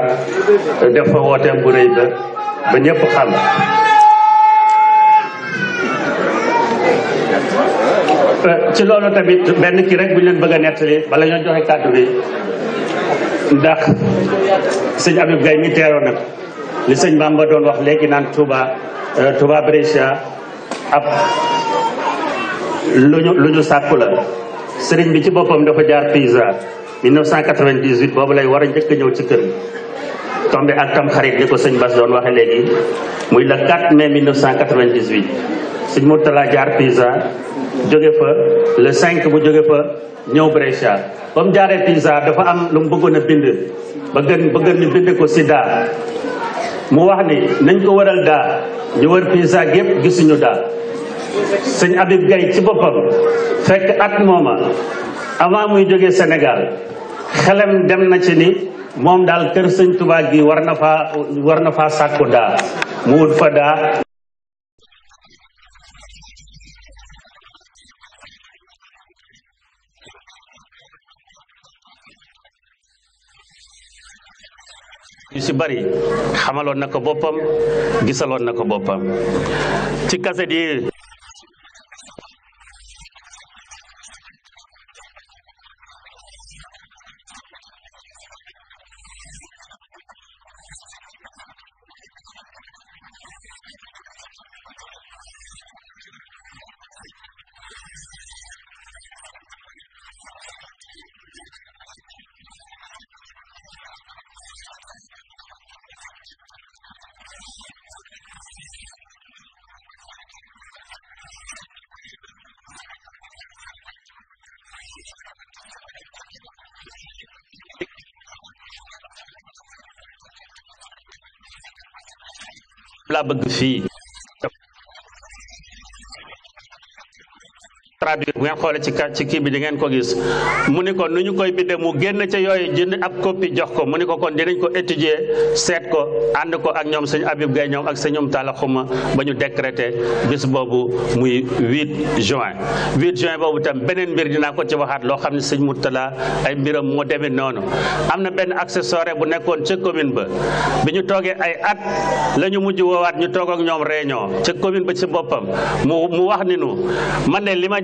euh, def fa wooteem bu rëy ba ba ñëpp xam euh, ci loolu tamit benn kii rek bu ñu leen bëgg a nettali bala ñoo joxe kàddu bi ndax sëñ Abib Gaye mi teeroo nag li sëñ Bamba doon wax léegi naan Touba euh, tubaa Brescia ab lu ñu lu ñu sàkku la sëriñ bi ci boppam dafa jaar Pisa 1998 boobu lay war a njëkk a ñëw ci kër gi tombé ak tam xarit li ko sëñ Bass doon waxe léegi muy le 4 mai 1998 sëñ Mourtala jaar Pisa jóge fa le 5 bu jóge fa ñëw Brescia ba mu jaaree Pisa dafa am lu mu bëggoon a bind ba gën ba gën ñu bind ko Sida mu wax ni nañ ko waral daa ñu wër Pisa gépp gisuñu daa sëñ Habib Gaye ci boppam fekk at mooma avant muy jógee Sénégal xelam dem na ci ni moom daal kër sëñ Touba gi war na faa war na faa sàkku daa mu wut fa daa yu si bari xamaloon na ko boppam gisaloon na ko boppam ci kaset yi laa bëgg fii traduire bu ngeen xoolee ci ka ci kii ngeen ko gis mu ni ko nu ñu koy bindee mu génn ca yooyu jënd ab copie jox ko mu ni ko ko dinañ ko étudier seet ko ànd ko ak ñoom sëñ Habib Gaye ñoom ak sëñum Talla Xuma ba ñu décrété bis boobu muy 8 juin 8 juin boobu tam beneen mbir dinaa ko ci waxaat loo xam ne sëñ Mourtala ay mbiram moo demee noonu am na benn accessoire bu nekkoon ca commune ba bi ñu toogee ay at lañu mujj woowaat ñu toog ak ñoom ñoo ca commune ba ci boppam mu mu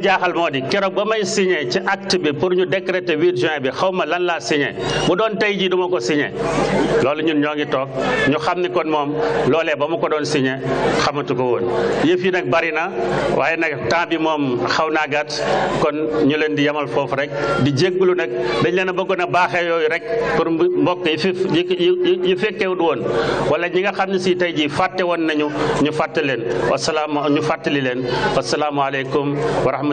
jaaxal moo di keroog ba may signé ci acte bi pour ñu décréter 8 bi xaw ma lan la signé bu doon tey jii du ma ko signé loolu ñun ñoo ngi toog ñu xam ni kon moom loolee ba mu ko doon signé xamatu ko woon yëf yi nag bari na waaye nag temps bi moom xaw naa gàtt kon ñu leen di yamal foofu rek di jégglu nag dañ leen a bëggoon a baaxee yooyu rek pour mbokk yi fi yi fekkewut woon ñi nga xam ne si tey jii fàtte woon nañu ñu fàtte leen wasalaamu ñu fàttali leen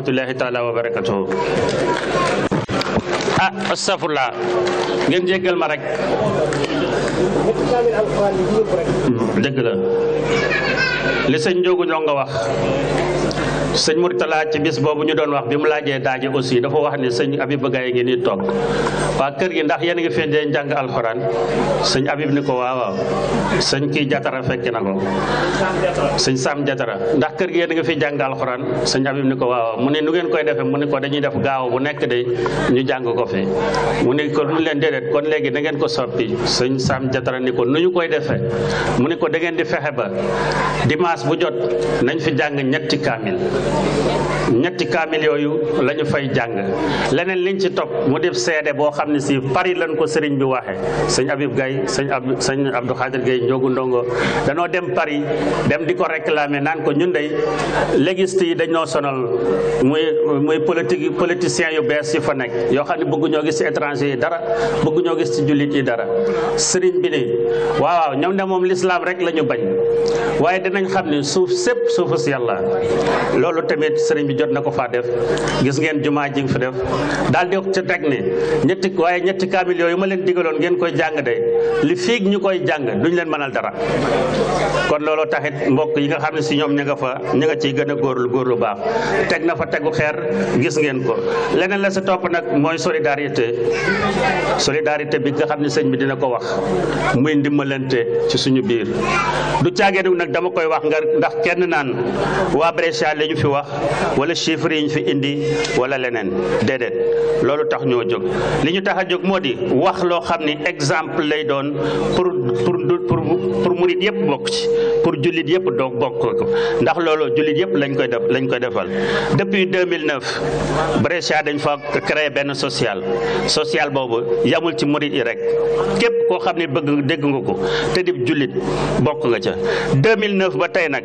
rahmatullahi taala wa barakatuhu ah astafurlah ngeen jéggal ma rek hmm, dëgg la li sëñ Njóogu Njongo wax sëñ Mourtala ci bis boobu ñu doon wax bi mu laajee daaje aussi dafa wax ne sëñ Habib Gaye ngi nii toog waa kër gi ndax yéen a ngi fendee njàng alxuraan sëñ Habib ni ko waaw sëñ kii jatara fekk na ko sëñ Sam jatara ndax kër yéen a ngi fi jàng alxuraan sëñ Habib ni ko waaw mu ne nu ngeen koy defee mu ne ko dañuy def gaaw bu nekk de ñu jàng ko fi mu ne ko lu leen déedéet kon léegi da ngeen ko soppi sëñ saam jatara ni ko nu ñu koy defee mu ne ko dangeen di fexe ba dimanche bu jot nañ fi jàng ñetti kaamil ñetti kaamil yooyu la ñu fay jàng leneen liñ ci topp mu dem seede boo xam ne si Paris lañ ko sëriñ bi waxee sëñ Habib Gaye sëñ Abdou sëñ Abdou Khadir Gaye Ndiogu Ndongo danoo dem Paris dem di ko réclamer naan ko ñun dey légiste yi dañoo sonal muy muy politique politiciens yu bees yi fa nekk yoo xam ne bëgguñoo gis ci étranger yi dara bëgguñoo gis ci jullit yi dara sëriñ bi ni waaw ñoom ne moom lislaam rek lañu ñu bañ waaye dinañ xam ne suuf sépp suufu si yàlla loolu tamit sëriñ bi jot na ko faa def gis ngeen jumaa ji fi def daal di ca teg ne ñetti waaye ñetti kaamil yooyu ma leen digaloon ngeen koy jàng de li fiig ñu koy jàng duñ leen mënal dara kon looloo taxit mbokk yi nga xam ne si ñoom ña nga fa ña nga ciy gën a góor lu baax teg na fa tegu xeer gis ngeen ko leneen la sa topp nag mooy solidarité solidarité bi nga xam ne sëñ bi dina ko wax muy ndimbalante ci suñu biir du caagee nag dama koy wax nga ndax kenn naan waa Brescia la ñu fi wax wala chiffres yi ñu fi indi wala leneen déedéet loolu tax ñoo jóg li ñu tax a jóg moo di wax loo xam ni exemple lay doon pour mu pour murid yëpp bokk ci pour jullit yëpp donc bokk ko ndax looloo jullit yëpp lañ koy def lañ koy defal depuis 2009 Brescia dañ fa créé benn social social boobu yamul ci murit yi rek képp koo xam ne bëgg dégg nga ko te di jullit bokk nga ca 2009 ba tey nag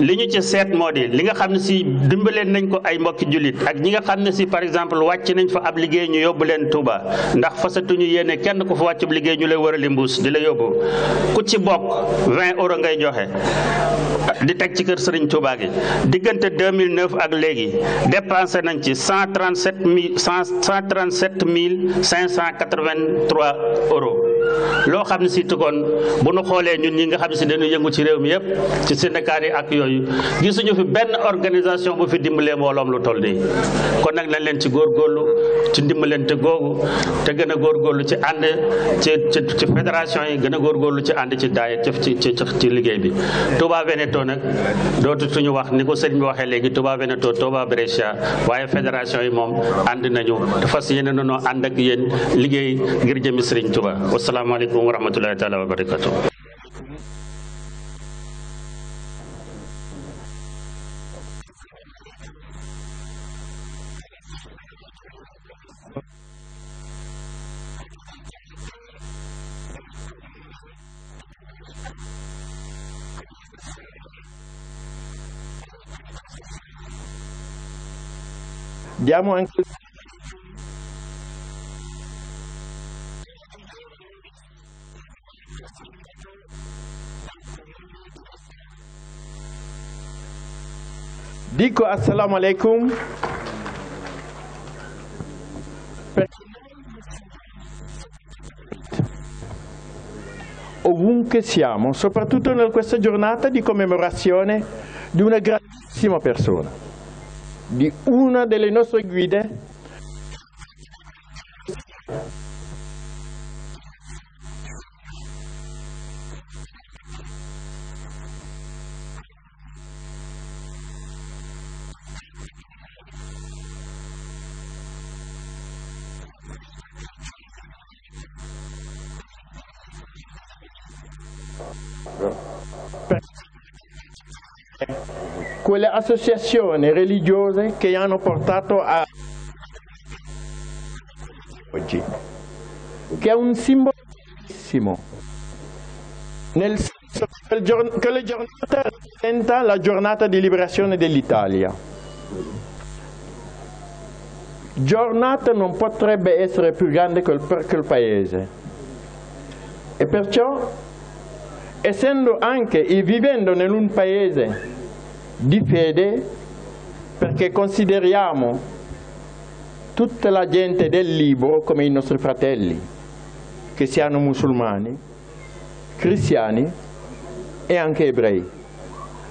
li ñu ci seet moo di li nga xam ne si dimbaleen nañ ko ay mbokki jullit ak ñi nga xam ne si par exemple wàcc nañ fa ab liggéey ñu yóbbu leen Touba ndax fasatuñu yéene kenn ku fa wàcc ab liggéey ñu lay wërali mbuus di la yóbbu ku euro ngay joxe di teg ci kër Serigne Touba gi diggante 2009 ak léegi dépensé nañ ci 137 mille 137 mille 583 euros loo xam ne si bu nu xoolee ñun ñi nga xam si si dañuy yëngu ci réew mi yëpp ci syndicat yi ak yooyu gisuñu fi benn organisation bu fi dimbalee mbooloom lu toll nii kon nag nañ leen ci góor góorlu ci dimbalante googu te gën a góor góorgóorlu ci ànd ci ci fédération yi gën a góor góorgóorlu ci ànd ci daay ci ci ci liggéey bi Touba Veneto nag dootuñu wax ni ko sëñ bi waxee léegi Touba Veneto Touba Brescia waaye fédération yi moom ànd nañu te fas yéene nañoo ànd ak yéen liggéey ngir jëmi sëriñ Touba wasalaamaaleykum wa rahmatullahi taala wa barakatu Diamo anche Dico assalamu alaikum. Ovunque siamo, soprattutto in questa giornata di commemorazione di una grandissima persona. bi di una delle nostre de delle associazioni religiose che hanno portato a oggi, che è un simbolo nel senso che, la giornata rappresenta la giornata di liberazione dell'Italia. Giornata non potrebbe essere più grande per quel paese e perciò essendo anche e vivendo in un paese di fede perché consideriamo tutta la gente del Libano come i nostri fratelli, che siano musulmani, cristiani e anche ebrei,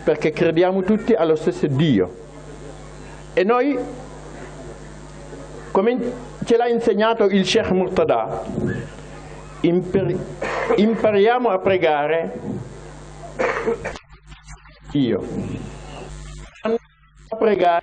perché crediamo tutti allo stesso Dio. E noi, come ce l'ha insegnato il Sheikh Murtada, impariamo a pregare Dio après gars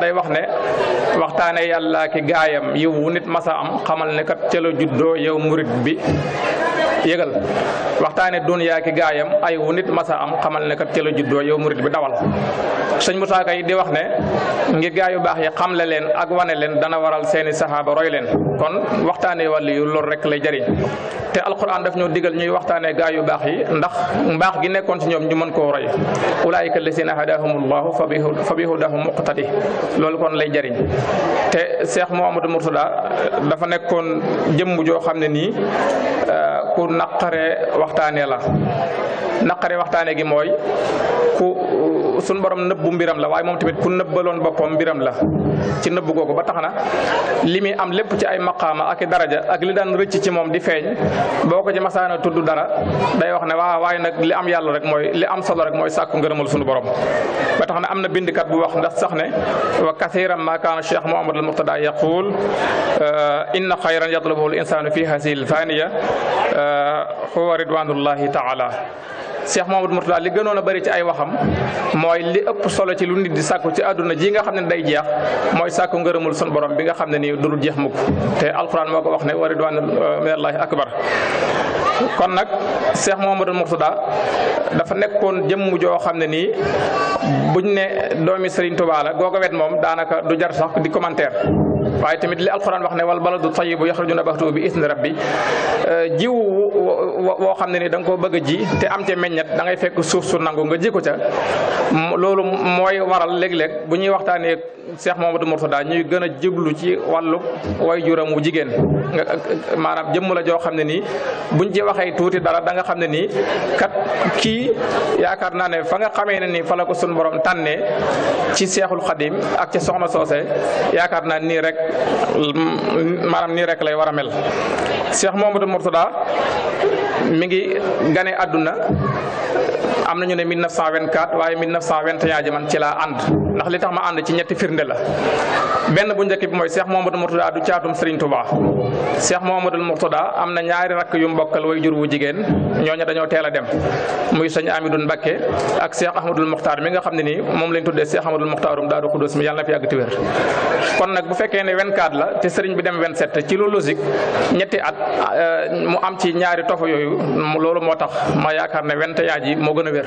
day wax ne waxtaane yàlla ki gaayam yiw wunit nit masa am xamal ne kat ca la juddoo yow murit bi yëgal waxtaane duniyaa ki gaayam ay wu masa am xamal ne kat ca la juddoo yow murit bi dawal sëñ Musaa Ka yi di wax ne ngir gaayu baax yi xamle leen ak wane leen dana waral seeni saxaaba roy leen kon waxtaane wàllu yu loolu rek lay jariñ te alquran daf ñoo digal ñuy waxtaanee gaa yu baax yi ndax mbaax gi nekkoon si ñoom ñu mën koo roy ulaayika lazina hadahumullahu fa bi hudahum muqtadi loolu kon lay jariñ te Cheikh Mouhamadou Mourtada eh, dafa nekkoon jëmm joo xam ne nii eh, ku naqare waxtaanee la naqare waxtaane gi mooy ku suñ borom nëbbu mbiram la waaye moom tamit ku nëbbaloon boppam mbiram la ci nëbbu googu ba tax na li muy am lépp ci ay maqaama ak i daraja ak li daan rëcc ci moom di feeñ boo ko ci masaana tudd dara day wax ne waa waaye nag li am yàlla rek mooy li am solo rek mooy sàkku ngërëmal sunu borom ba tax na am na bindkat bu wax ndax sax ne wa kathiran ma kaana cheikh mohamad al muqtada yaqul euh, inna xayran yatlubuhu al insanu fi hasihi al faniya euh, huwa ridwanullahi taala moom Mamadou Mourtala li gënoon a bëri ci ay waxam mooy li ëpp solo ci lu nit di sàkku ci àdduna ji nga xam ne day jeex mooy sàkku ngërëmul sun borom bi nga xam ne nii du jeex mukk te alxuraan moo ko wax ne wa ridwaanu euh, minallahi akbar kon nag Cheikh Mouhamadou Mourtada dafa nekkoon jëmm joo xam ne nii buñ ne doomi Serigne Touba la googa wet moom daanaka du jar sax di commentaire waaye tamit li alxuraan wax ne du wal baladu tayyibu yaxruju nabatuhu bi isni rabbi euh, jiw woo xam ne ni da ko koo ji te am te meññet da ngay fekk suuf su nangu nga ji ko ca loolu mooy waral léeg-léeg bu ñuy waxtaanee Cheikh Mamadou Mourtada ñuy gën a jublu ci wàllu way juram wu jigéen nga maanaam jëmm joo xam ne nii buñ ci waxee tuuti dara da nga xam ne nii kat kii yaakaar naa ne fa nga xamee ne nii fa la ko sun borom tànnee ci Seexul Xadim ak ca soxna soose yaakaar naa nii rek maanaam nii rek lay war a mel Cheikh Mamadou mi ngi gane àdduna am na ñu ne 1924 waaye 1921 ji man ci laa ànd ndax li tax ma ànd ci ñetti firnde la benn bu njëkk bi mooy Cheikh Mouhamadou Mourtada du caatum mi nga xam ne nii moom lañ tuddee Cheikh Ahmadoul Mokhtarum Daaru Xudus mi yàlla na fi yàgg ti kon nag bu fekkee ne 24 la te Serigne bi dem 27 ci lu logique ñetti at euh, mu am ci ñaari tofa yooyu loolu moo tax ma yaakaar ne 21 ji moo gën a wér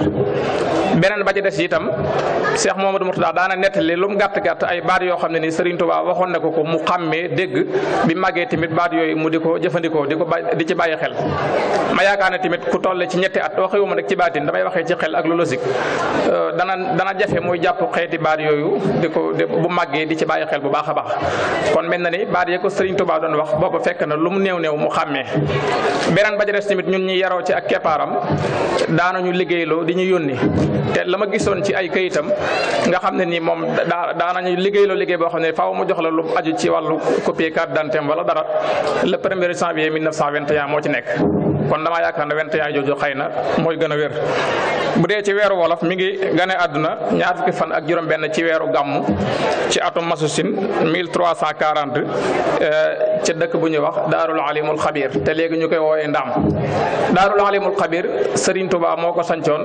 beneen ba ci des itam Cheikh Mouhamadou Mourtada daana nettali lu mu gàtt gàtt ay baat yoo xam ne ni Serigne Touba waxoon na ko ko mu xàmmee dégg bi màggee tamit baat yooyu mu di ko jëfandikoo di ko di ci bàyyi xel. ma yaakaar ne tamit ku toll ci ñetti at waxewuma nag ci baatin damay waxee ci xel euh, dana dana jafe muy jàpp xeeti baat yooyu di ko bu màggee di ci bàyyi xel bu baax a baax kon mel na ni baat ya ko Serigne Touba doon wax booba fekk na lu mu néew néew mu xàmmee beneen ba tamit ñun ñi yaroo ci ak keppaaram daanañu liggéey loolu di ñu yónni te la ma gisoon ci ay kayitam nga xam ne nii moom daa daanañu liggéey loo liggéey boo xam ne faaw mu jox la lu aju ci wàllu copie carte d'identité wala dara le premier janvier moo ci nekk kon damaa yaakaar ne 21 jooju xëy na mooy gën a wér bu dee ci weeru wolof mi ngi gane adduna ñaar fukki fan ak juróom-benn ci weeru gàmmu ci atum masusin 1340 ci euh, dëkk bu ñu wax daarul alimul xabir te léegi ñu koy wooyee ndaam daarul alimul xabir Serigne Touba moo ko sancoon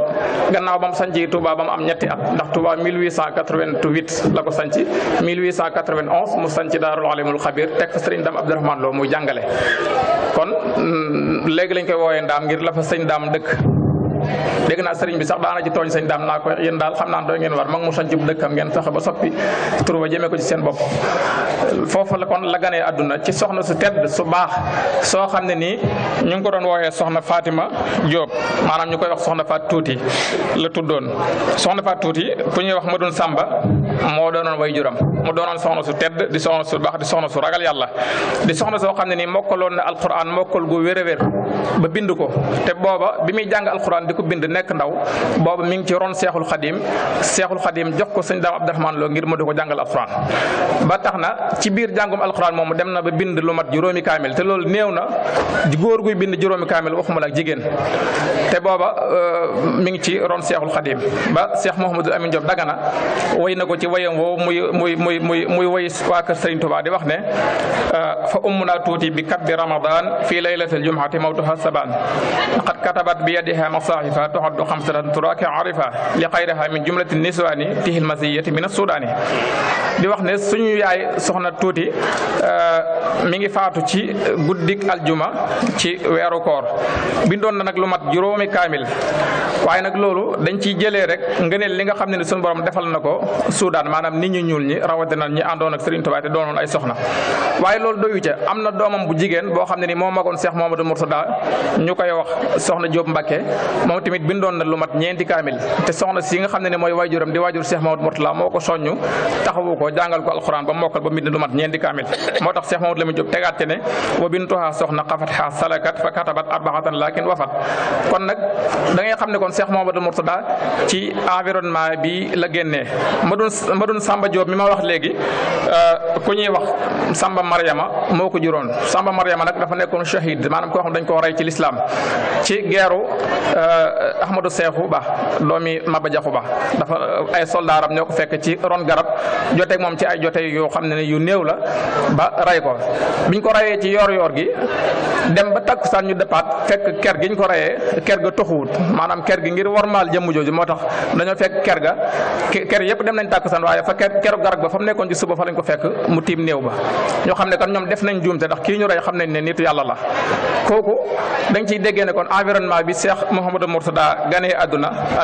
gannaaw ba mu sancee Touba ba mu am ñetti at ndax Touba 1888 la ko sanc 1891 mu sanc Daarul Alimul Xabir teg fa sëriñ Dame Abdourahmane Lo muy jàngale kon mm, léegi lañ koy woowee ndaam ngir la fa sëñ daam dëkk dégg naa sëriñ bi sax daana ci tooñ sëñ daam naa ko yéen daal xam naa doy ngeen war mag mu sañc dëkkam ngeen fexe ba soppi tur ba jëmee ko ci seen bopp foofu lekkoon kon la àdduna ci soxna su tedd su baax soo xam ne nii ñu ngi ko doon woowee soxna Fatima Diop maanaam ñu koy wax soxna Fat Tuuti la tuddoon soxna Fat Tuuti ku ñuy wax ma Madoun Samba moo doonoon way juram mu doonoon soxna su tedd di soxna su baax di soxna su ragal yàlla di soxna soo xam ne nii mokkaloon na alquran mokkal gu wér a wér ba bind ko te booba bi muy jàng alquran di ko bind nekk ndaw booba mi ngi ci ron seexul xadim seexul xadim jox ko sëñ daam abdurahmaan loo ngir mu di ko jàngal alquran ba tax na ci biir jàngum alquran moomu dem na ba bind lu mat juróomi kaamil te loolu néew na góor guy bind juróomi kaamil waxuma la ak jigéen te booba euh, mi ngi ci ron seexul xadim wayam woowu muy muy muy muy muy way waa kër Sëriñ Tuubaa di wax ne euh, fa ummuna tuuti bi kat bi ramadan fii laylatil jumuati mawtuha saban qad katabat bi yadiha masahifa tuaddu xamsatan turaki arifa li xayriha min jumlati niswani tihil masiyati min asudani di wax ne suñu yaay soxna tuuti euh, mi ngi faatu ci guddik aljuma ci weeru koor bindoon na nag lu mat juróomi kaamil waaye nag loolu dañ ciy jëlee rek ngëneel li nga xam ne ne suñu defal na ko sudan xiddaan maanaam nit ñu ñuul ñi rawatina ñi àndoon ak Serigne Touba te doonoon ay soxna waaye loolu doyu ca am na doomam bu jigéen boo xam ne ni moo magoon Cheikh Mamadou Mourtada ñu koy wax soxna Diop Mbacké moom tamit bindoon na lu mat ñeenti kaamil te soxna si nga xam ne ni mooy waajuram di waajur Cheikh Mamadou Mourtada moo ko soññu taxawu ko jàngal ko alxuraan ba mokkal ba mbind lu ñeenti kaamil moo tax Cheikh Mamadou Lamine Diop tegaat te ne wa bintuha soxna xafat xaa salakat fa katabat arbaxatan lakin wafat kon nag da xam ne kon Cheikh Mamadou Mourtada ci environnement bi la génnee Madoune Samba Diop mi ma wax léegi euh, ku ñuy wax Samba Mariama moo ko juróon Samba Mariama nag dafa nekkoon shahid maanaam koo xam dañ koo rey ci lislaam ci geeru euh, Ahmadou Seexu Ba doomi Maba Jaxu Ba dafa euh, ay soldaaram ñoo ko fekk ci ron garab joteeg moom ci ay jote yoo xam ne yu néew la ba rey ko biñ ko rayee ci yoor yoor gi dem ba takkusaan ñu dëppaat fekk ker giñ ko rayee ker ga toxuwut maanaam ker gi ngir wormaal jëmm jooju moo tax dañoo fekk ker ga tàkkusaan waaye fa keroog garab ba fa mu nekkoon ci suba fa lañ ko fekk mu tiim néew ba ñoo xam ne kon ñoom def nañ juumte ndax kii ñu rey xam nañ ne nitu yàlla la kooku dañ ciy déggee ne kon environnement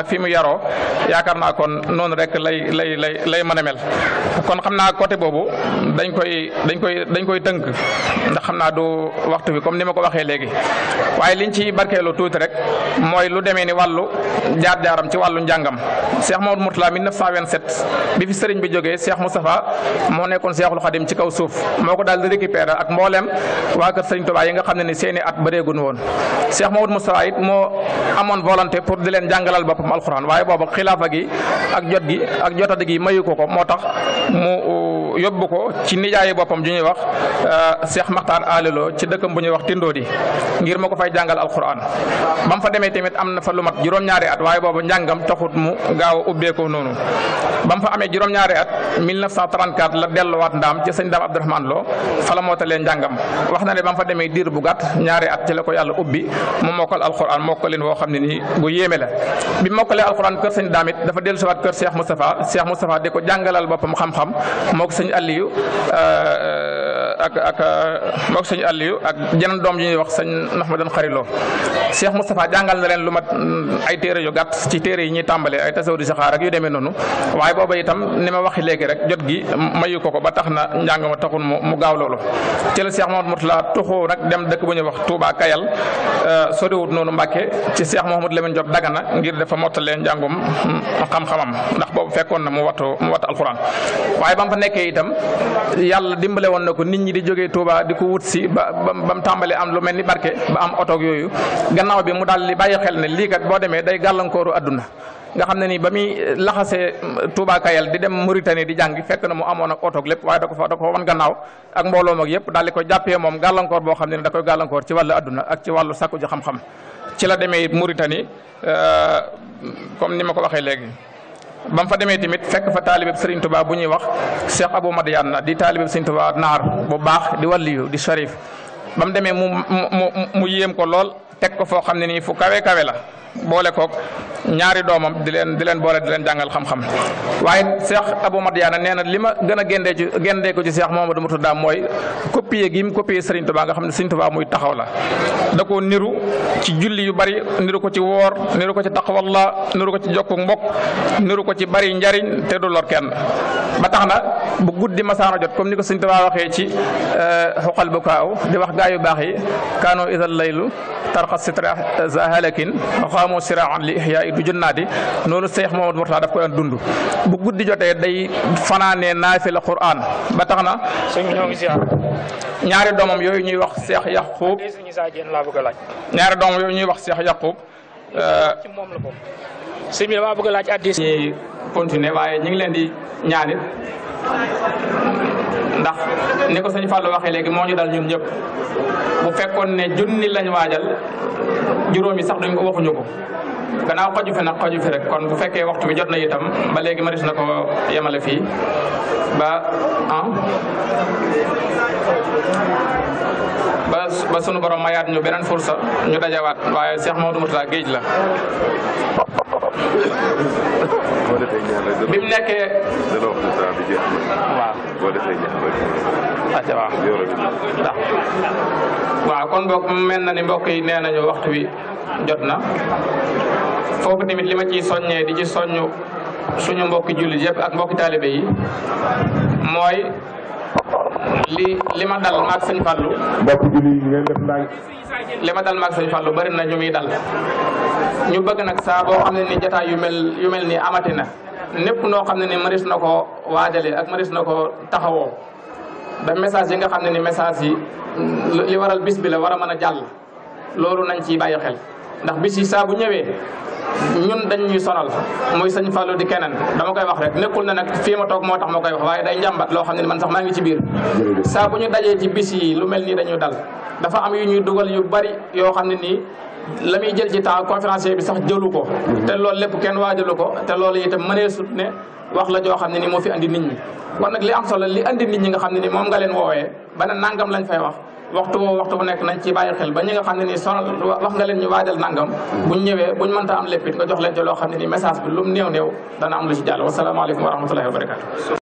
fi mu yaroo yaakaar naa kon noonu rek lay lay lay lay mën a mel kon xam naa côté boobu dañ koy dañ koy dañ koy tënk ndax xam naa du waxtu bi comme ni ma ko waxee léegi waaye liñ ci barkeelu tuuti rek mooy lu demee ni wàllu jaar-jaaram ci wàllu njàngam Cheikh Mouhamadou Mourtada 1927 bi fi sëriñ bi jógee Cheikh Moustapha moo nekkoon Cheikhul Khadim ci kaw suuf moo ko daal di récupéré ak mbooleem waa kër sëriñ Touba yi nga xam ne ni seeni at bëreegun woon Cheikh Maoud Moustapha it moo amoon volonté pour di leen jàngalal boppam alxuraan waaye boobu xilaafa gi ak jot gi ak jotadi gi mayu ko ko moo tax mu yóbbu ko ci nijaayu boppam ju ñuy wax euh, Cheikh Makhtar Alelo ci dëkkam bu ñuy wax Tindoodi ngir ma ko fay jàngal alquran ba mu fa demee tamit am na fa lu mat juróom-ñaari at waaye boobu njàngam taxut mu a ubbeekoo noonu ba mu fa amee juróom-ñaari at 1934 la delluwaat ndaam ci sëñ Ndaam Abdourahmane Lo fa la mootalee njàngam wax na ne ba mu fa demee diir bu gàtt ñaari at ci la ko yàlla ubbi mu mokkal alquran mokkalin woo xam ne nii bu yéeme la bi mokkalee alquran kër sëñ Ndaam it dafa dellusiwaat kër Cheikh Moustapha Cheikh Moustapha di ko jàngalal sëñ Aliou euh, euh, ak ak moog sëñ Aliou ak jeneen doom yi ñuy wax sëñ Mahmadan Xarilo Cheikh Moustapha jàngal na leen lu mat mm, ay téere yu gàtt ci téere yi ñuy tàmbalee ay tasawu di saxaar ak yu demee noonu waaye booba itam ni ma waxi léegi rek jot gi mayu ko ko ba tax na njàng ma taxul mu gaaw loolu ci la Cheikh Mahamad Moutala tuxoo nag dem dëkk bu ñuy wax Touba Kayal euh, soriwut noonu Mbàkke ci Cheikh Mahamad Lamine Diop Dagana ngir dafa mottalee njàngum mm, xam-xamam ndax boobu fekkoon na mu wattu mu wattu waaye ba fa nekkee itam yàlla dimbale woon na ko nit ñi di jógee Touba di ko wut si ba ba mu tàmbali am lu mel ni barke ba am otoog yooyu gannaaw bi mu daal di bàyyi xel ne lii kat boo demee day gàllankooru àdduna nga xam ne nii ba muy laxasee mm, Touba Kayal di dem Mauritanie di jàngi fekk na mu amoon ak otoog lépp waaye da ko fa da ko wan gannaaw ak mbooloom ak yëpp daal di ko jàppee moom gàllankoor boo xam ne da koy gàllankoor ci wàllu adduna ak ci wàllu sakku ji xam-xam ci la demee Mauritanie euh, comme ni ma ko waxee léegi. bam mu fa demee tamit fekk fa taalibeb Serigne Touba bu ñuy wax Cheikh Abou na di taalibeb Serigne Touba naar bu baax di waliyu di sharif ba mu demee mu mu mu yéem ko lool teg ko foo xam ne nii fu kawe kawe la. boole kook ñaari doomam di leen di leen boole di leen jàngal xam-xam waaye Cheikh Abou Madiana nee na li ma gën a géndee ci géndee ko ci Cheikh Mouhamadou Mourtada mooy copier gi mu copier Serigne Touba nga xam ne Serigne Touba muy taxaw la da ko niru ci julli yu bari niru ko ci woor niru ko ci taqwallah niru ko ci jokk mbokk niru ko ci bari njariñ te du lor kenn ba tax na bu guddi masaana jot comme ni ko Serigne Touba waxee ci eh, xoqal bu kaaw di wax gaa yu baax yi kaanoo isal laylu qaamoo siraan li ihyaa du junnaati noonu Seex Mamadu Murtada daf koy an dund bu guddi jotee day fanaanee naafila Qur'aan ba tax na ñaari doomam yooyu ñuy wax Seex Yaquub ñaari doomam yooyu ñuy wax Seex Yaquub euh, moom la bokk sëñ waa damaa bëgg laaj addis. ñuy continuer waaye ñu ngi leen di ñaanit ndax ni ko sëñ Fallou waxee léegi moo ñu dal ñun ñëpp bu fekkoon ne junni lañu waajal juróomi sax duñ ko waxuñu ko. gannaaw xoju fi nag xoju fi rek kon bu fekkee waxtu bi jot na itam ba léegi maris na ko yemale fii ba ah ba ba sunu borom mayaat ñu beneen fursa ñu dajawaat waaye Cheikh Maodo Mourtada géej la bi mu nekkee waaw waaw kon boog mel na ni mbokk yi nee waxtu bi jot na foofu tamit li ma ciy soññee di ci soññ suñu mbokki jullit yëpp ak mbokki taalibe yi mooy li li ma dal maag sëñ Fallou li ma dal maag sëñ Fallou bari na ñu muy dal ñu bëgg nag saa boo xam ne ni jataay yu mel yu mel nii amati na népp noo xam ne ni mënees na ko waajale ak mënees na ko taxawoo ba message yi nga xam ne ni message yi li waral bis bi la war a mën a jàll loolu nañ ci bàyyi xel ndax bis yi saa bu ñëwee ñun dañ ñuy sonal muy sëñ Fallou di keneen dama koy wax rek nekkul ne nag fii ma toog moo tax ma koy wax waaye day njàmbat loo xam ne man sax maa ngi ci biir saa bu ñu dajee ci bis yi lu mel nii dañuy dal dafa am ñuy dugal yu bari yoo xam ne nii la muy jël ci temps conférencier bi sax jëlu ko te loolu lépp kenn waajalu ko te loolu itam mëneesut ne wax la joo xam ne nii moo fi andi nit ñi kon li am li andi nit ñi nga xam ne nii moom nga leen woowee bana nangam lañ fay wax waxtu woo waxtu bu nekk nañ ci bàyyi xel ba ñi nga xam ne nii sonal wax nga leen ñu waajal nangam buñ ñëwee buñ mënta am lépp it nga jox leen ci xam ne nii message bi lu mu néew néew dana am lu ci jàll wasalaamaaleykum wa rahmatullahi wa barakatu